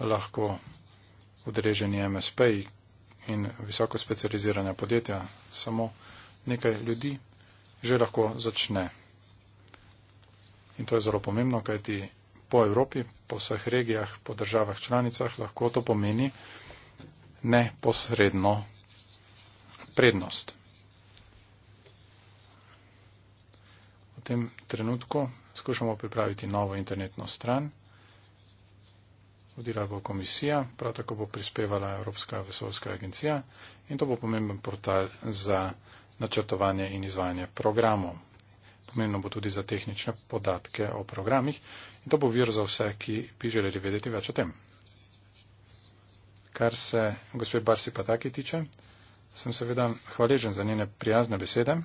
C: lahko udreženi MSP in visoko specializirana podjetja, samo nekaj ljudi že lahko začne. In to je zelo pomembno, kajti po Evropi, po vseh regijah, po državah članicah lahko to pomeni neposredno prednost. tem trenutku skušamo pripraviti novo internetno stran. Vodila bo komisija, prav tako bo prispevala Evropska vesolska agencija in to bo pomemben portal za načrtovanje in izvajanje programov. Pomembno bo tudi za tehnične podatke o programih in to bo vir za vse, ki bi želeli vedeti več o tem. Kar se gospe Barsi Pataki tiče, sem seveda hvaležen za njene prijazne besede.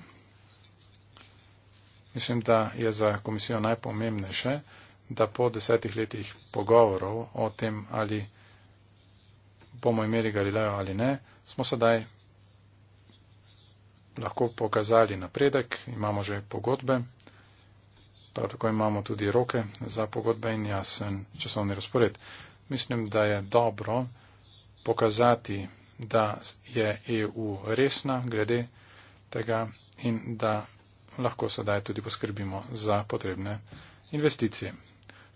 C: Mislim, da je za komisijo najpomembnejše, da po desetih letih pogovorov o tem, ali bomo imeli Galileo ali ne, smo sedaj lahko pokazali napredek, imamo že pogodbe, prav tako imamo tudi roke za pogodbe in jasen časovni razpored. Mislim, da je dobro pokazati, da je EU resna glede tega in da lahko sedaj tudi poskrbimo za potrebne investicije.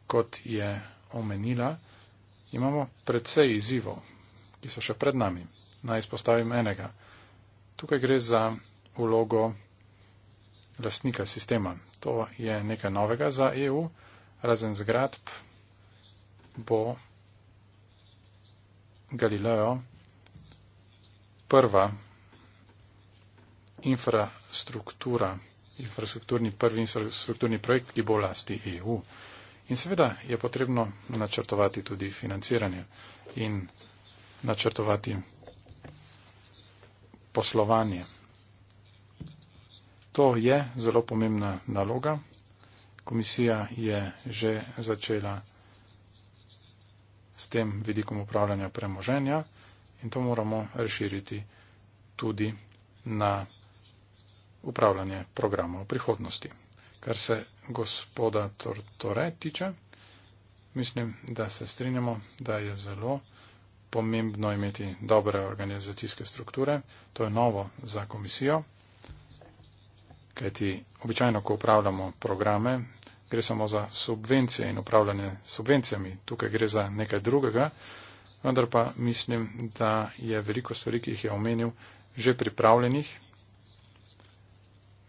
C: Kot je omenila, imamo predvsej izzivov, ki so še pred nami. Naj izpostavim enega. Tukaj gre za vlogo lastnika sistema. To je nekaj novega za EU. Razen zgradb bo Galileo prva infrastruktura infrastrukturni prvi infrastrukturni projekt, ki bo v lasti EU. In seveda je potrebno načrtovati tudi financiranje in načrtovati poslovanje. To je zelo pomembna naloga. Komisija je že začela s tem vidikom upravljanja premoženja in to moramo razširiti tudi na upravljanje programa v prihodnosti. Kar se gospoda Tortore tiče, mislim, da se strinjamo, da je zelo pomembno imeti dobre organizacijske strukture. To je novo za komisijo, kajti običajno, ko upravljamo programe, gre samo za subvencije in upravljanje subvencijami. Tukaj gre za nekaj drugega, vendar pa mislim, da je veliko stvari, ki jih je omenil, že pripravljenih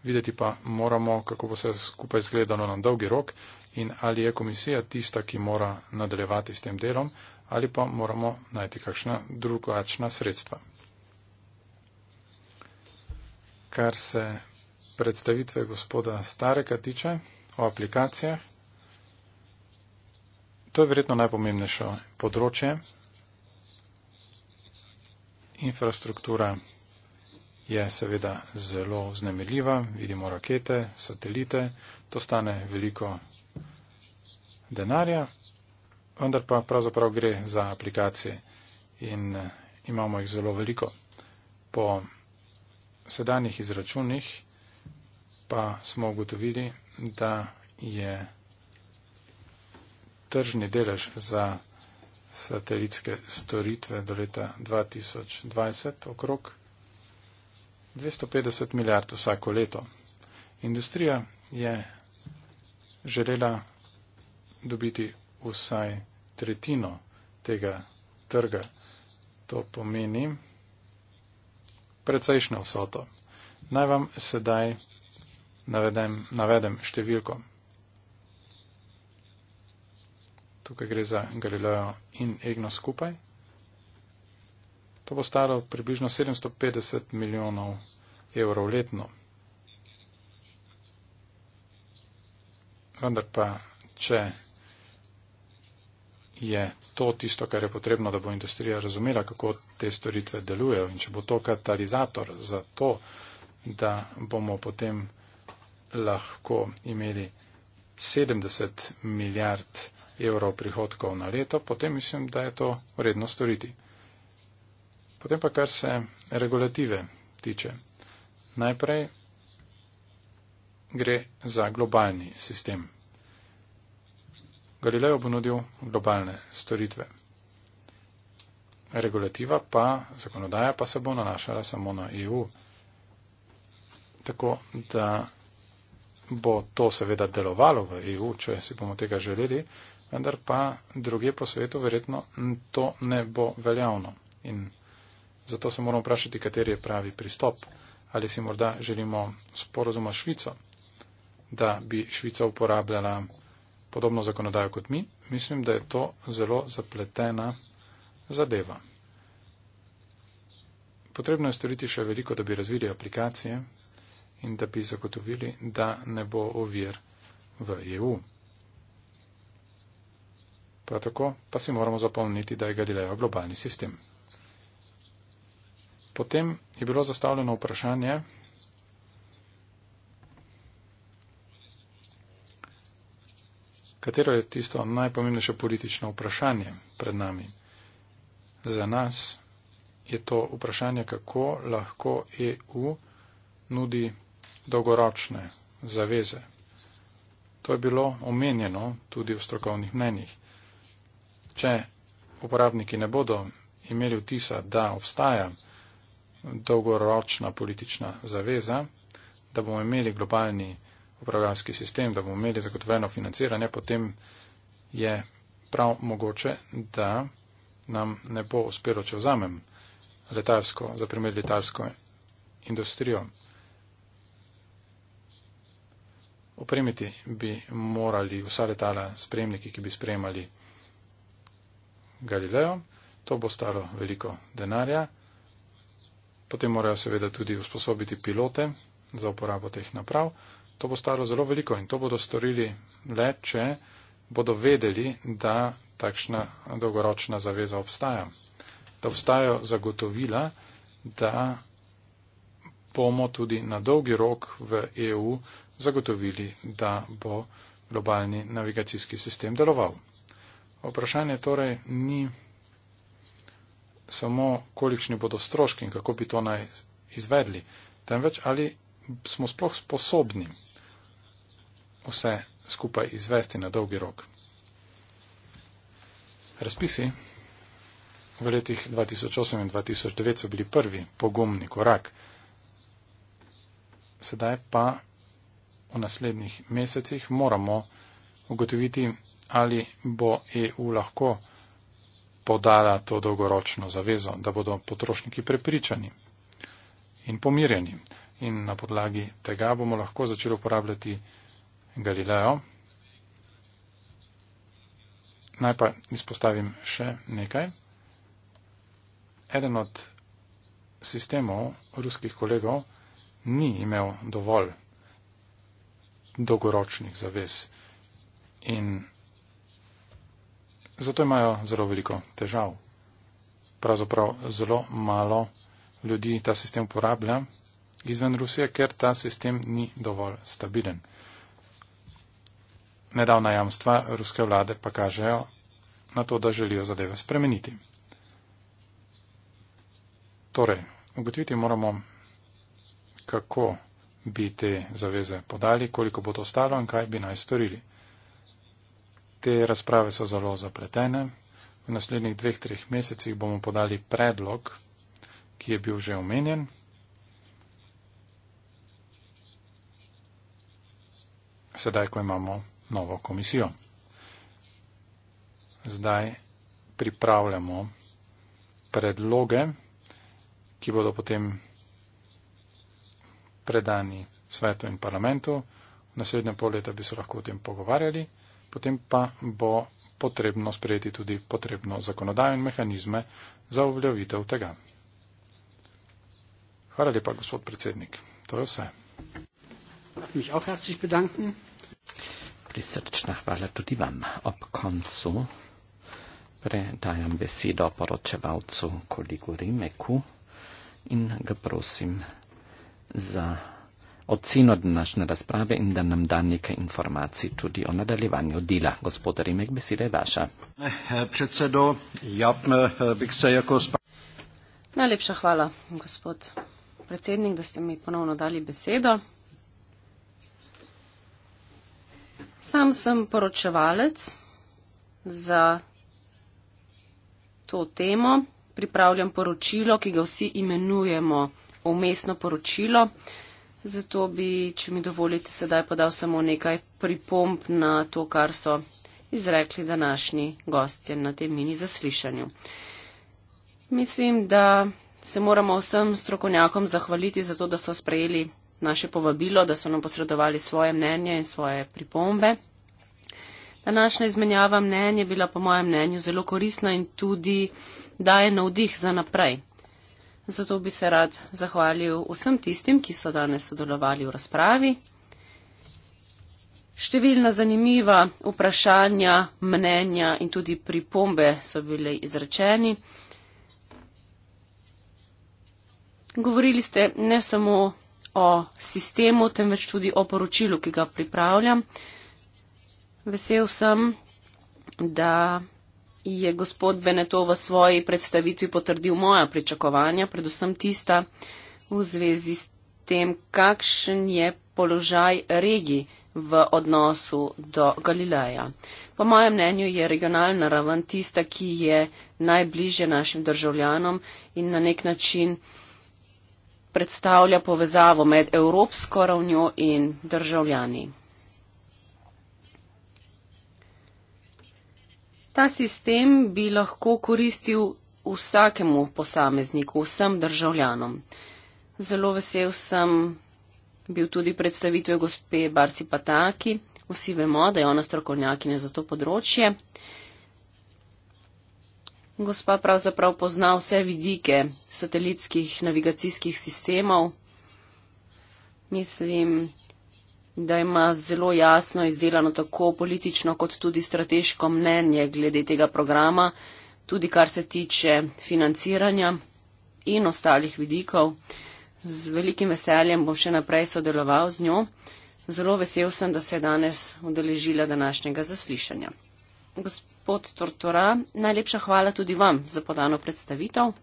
C: videti pa moramo, kako bo vse skupaj izgledalo na dolgi rok in ali je komisija tista, ki mora nadaljevati s tem delom ali pa moramo najti kakšna drugačna sredstva. Kar se predstavitve gospoda Stareka tiče o aplikacijah, to je verjetno najpomembnejše področje. Infrastruktura je seveda zelo znemirljiva. Vidimo rakete, satelite, to stane veliko denarja, vendar pa pravzaprav gre za aplikacije in eh, imamo jih zelo veliko. Po sedanjih izračunih pa smo ugotovili, da je tržni delež za satelitske storitve do leta 2020 okrog 0,5%. 250 milijard vsako leto. Industrija je želela dobiti vsaj tretjino tega trga. To pomeni precejšnjo vsoto. Naj vam sedaj navedem, navedem številko. Tukaj gre za Galileo in Egno skupaj. To bo stalo približno 750 milijonov evrov letno. Vendar pa, če je to tisto, kar je potrebno, da bo industrija razumela, kako te storitve delujejo in če bo to katalizator za to, da bomo potem lahko imeli 70 milijard evrov prihodkov na leto, potem mislim, da je to vredno storiti. Potem pa kar se regulative tiče. Najprej gre za globalni sistem. Galileo bo nudil globalne storitve. Regulativa pa, zakonodaja pa se bo nanašala samo na EU. Tako da bo to seveda delovalo v EU, če si bomo tega želeli, vendar pa druge po svetu verjetno to ne bo veljavno. In Zato se moramo vprašati, kateri je pravi pristop. Ali si morda želimo sporozuma s Švico, da bi Švica uporabljala podobno zakonodajo kot mi. Mislim, da je to zelo zapletena zadeva. Potrebno je storiti še veliko, da bi razvili aplikacije in da bi zagotovili, da ne bo ovir v EU. Prav tako pa si moramo zapomniti, da je Galileo globalni sistem. Potem je bilo zastavljeno vprašanje, katero je tisto najpomembnejše politično vprašanje pred nami. Za nas je to vprašanje, kako lahko EU nudi dolgoročne zaveze. To je bilo omenjeno tudi v strokovnih mnenjih. Če uporabniki ne bodo imeli vtisa, da obstaja, dolgoročna politična zaveza, da bomo imeli globalni upravljalski sistem, da bomo imeli zagotovljeno financiranje, potem je prav mogoče, da nam ne bo uspelo, če vzamem letalsko, za primer letalsko industrijo. Opremiti bi morali vsa letala spremniki, ki bi spremljali Galileo. To bo stalo veliko denarja. Potem morajo seveda tudi usposobiti pilote za uporabo teh naprav. To bo stalo zelo veliko in to bodo storili le, če bodo vedeli, da takšna dolgoročna zaveza obstaja. Da obstajajo zagotovila, da bomo tudi na dolgi rok v EU zagotovili, da bo globalni navigacijski sistem deloval. Vprašanje torej ni samo, kolikšni bodo stroški in kako bi to naj izvedli, temveč ali smo sploh sposobni vse skupaj izvesti na dolgi rok. Razpisi v letih 2008 in 2009 so bili prvi pogumni korak. Sedaj pa v naslednjih mesecih moramo ugotoviti, ali bo EU lahko podala to dolgoročno zavezo, da bodo potrošniki prepričani in pomirjeni. In na podlagi tega bomo lahko začeli uporabljati Galileo. Naj pa izpostavim še nekaj. Eden od sistemov ruskih kolegov ni imel dovolj dolgoročnih zavez in Zato imajo zelo veliko težav. Pravzaprav zelo malo ljudi ta sistem uporablja izven Rusije, ker ta sistem ni dovolj stabilen. Nedavna jamstva ruske vlade pa kažejo na to, da želijo zadeve spremeniti. Torej, ugotoviti moramo, kako bi te zaveze podali, koliko bo to stalo in kaj bi naj storili te razprave so zelo zapletene. V naslednjih dveh, treh mesecih bomo podali predlog, ki je bil že omenjen. Sedaj, ko imamo novo komisijo. Zdaj pripravljamo predloge, ki bodo potem predani svetu in parlamentu. Naslednje pol leta bi se lahko o tem pogovarjali potem pa bo potrebno sprejeti tudi potrebno zakonodajo in mehanizme za uveljavitev tega. Hvala lepa, gospod predsednik. To je vse. Prisrčna hvala tudi
A: vam. Ob koncu predajam besedo poročevalcu kolegu Rimeku in ga prosim za Ocino današnje razprave in da nam da nekaj informacij tudi o nadaljevanju dela. Gospod Rimek, beseda je vaša. Predsedo, ja, eh, bih se jako spal.
B: Najlepša hvala, gospod predsednik, da ste mi ponovno dali besedo. Sam sem poročevalec za to temo. Pripravljam poročilo, ki ga vsi imenujemo umestno poročilo. Zato bi, če mi dovolite, sedaj podal samo nekaj pripomp na to, kar so izrekli današnji gostje na tem mini zaslišanju. Mislim, da se moramo vsem strokovnjakom zahvaliti za to, da so sprejeli naše povabilo, da so nam posredovali svoje mnenje in svoje pripombe. Današnja izmenjava mnenja je bila po mojem mnenju zelo koristna in tudi daje navdih za naprej. Zato bi se rad zahvalil vsem tistim, ki so danes sodelovali v razpravi. Številna zanimiva vprašanja, mnenja in tudi pripombe so bile izrečeni. Govorili ste ne samo o sistemu, temveč tudi o poročilu, ki ga pripravljam. Vesel sem, da je gospod Beneto v svoji predstavitvi potrdil moja pričakovanja, predvsem tista v zvezi s tem, kakšen je položaj regij v odnosu do Galileja. Po mojem mnenju je regionalna raven tista, ki je najbližje našim državljanom in na nek način predstavlja povezavo med evropsko ravnjo in državljani. ta sistem bi lahko koristil vsakemu posamezniku, vsem državljanom. Zelo vesel sem bil tudi predstavitve gospe Barci Pataki. Vsi vemo, da je ona strokovnjakinja za to področje. Gospa pravzaprav pozna vse vidike satelitskih navigacijskih sistemov. Mislim, da ima zelo jasno izdelano tako politično kot tudi strateško mnenje glede tega programa, tudi kar se tiče financiranja in ostalih vidikov. Z velikim veseljem bom še naprej sodeloval z njo. Zelo vesel sem, da se je danes odeležila današnjega zaslišanja. Gospod Tortora, najlepša hvala tudi vam za podano predstavitev.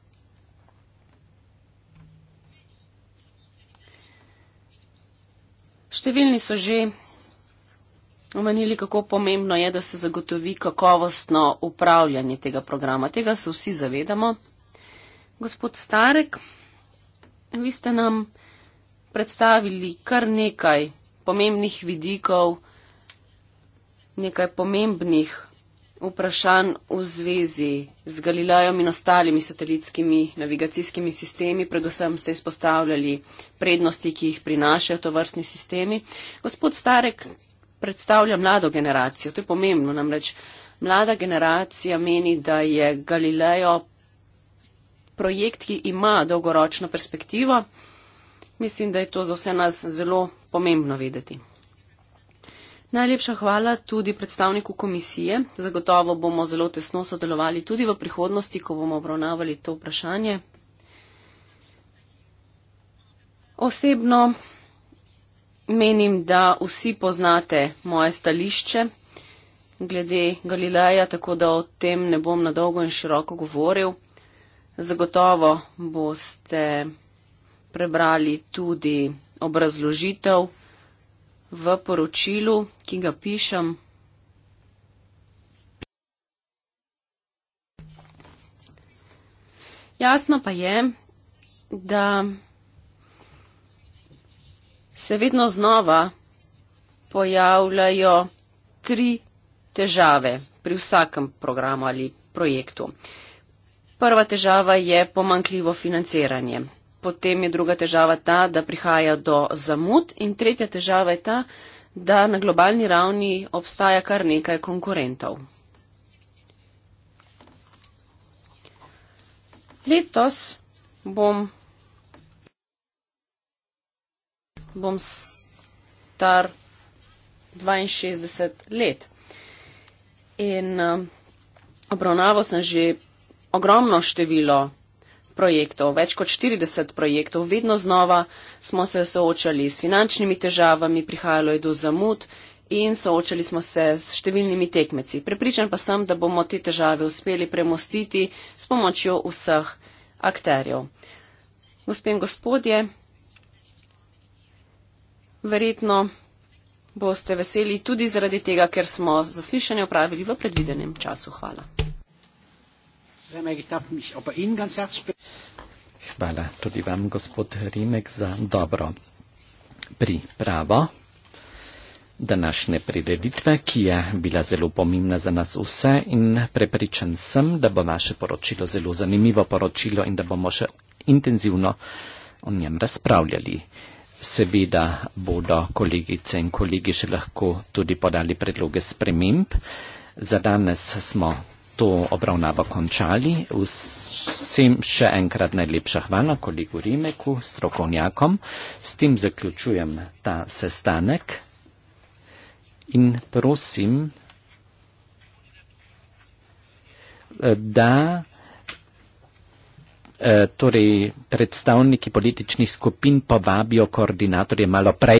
B: Številni so že omenili, kako pomembno je, da se zagotovi kakovostno upravljanje tega programa. Tega se vsi zavedamo. Gospod Starek, vi ste nam predstavili kar nekaj pomembnih vidikov, nekaj pomembnih vprašanj v zvezi z Galilejem in ostalimi satelitskimi navigacijskimi sistemi. Predvsem ste izpostavljali prednosti, ki jih prinašajo to vrstni sistemi. Gospod Starek predstavlja mlado generacijo. To je pomembno. Namreč mlada generacija meni, da je Galilejo projekt, ki ima dolgoročno perspektivo. Mislim, da je to za vse nas zelo pomembno vedeti. Najlepša hvala tudi predstavniku komisije. Zagotovo bomo zelo tesno sodelovali tudi v prihodnosti, ko bomo obravnavali to vprašanje. Osebno menim, da vsi poznate moje stališče glede Galileja, tako da o tem ne bom nadolgo in široko govoril. Zagotovo boste prebrali tudi obrazložitev v poročilu, ki ga pišem. Jasno pa je, da se vedno znova pojavljajo tri težave pri vsakem programu ali projektu. Prva težava je pomankljivo financiranje potem je druga težava ta, da prihaja do zamud in tretja težava je ta, da na globalni ravni obstaja kar nekaj konkurentov. Letos bom, bom star 62 let in eh, obravnaval sem že ogromno število projektov, več kot 40 projektov, vedno znova smo se soočali s finančnimi težavami, prihajalo je do zamud in soočali smo se s številnimi tekmeci. Prepričan pa sem, da bomo te težave uspeli premostiti s pomočjo vseh akterjev. Gospe in gospodje, verjetno boste veseli tudi zaradi tega, ker smo zaslišanje opravili v predvidenem času. Hvala.
A: Hvala tudi vam, gospod Rimek, za dobro pripravo današnje prireditve, ki je bila zelo pomembna za nas vse in prepričan sem, da bo vaše poročilo zelo zanimivo poročilo in da bomo še intenzivno o njem razpravljali. Seveda bodo kolegice in kolegi še lahko tudi podali predloge sprememb. Za danes smo to obravnavo končali. Vsem še enkrat najlepša hvala kolegu Rimeku, strokovnjakom. S tem zaključujem ta sestanek in prosim, da eh, torej predstavniki političnih skupin povabijo koordinatorje malo prej.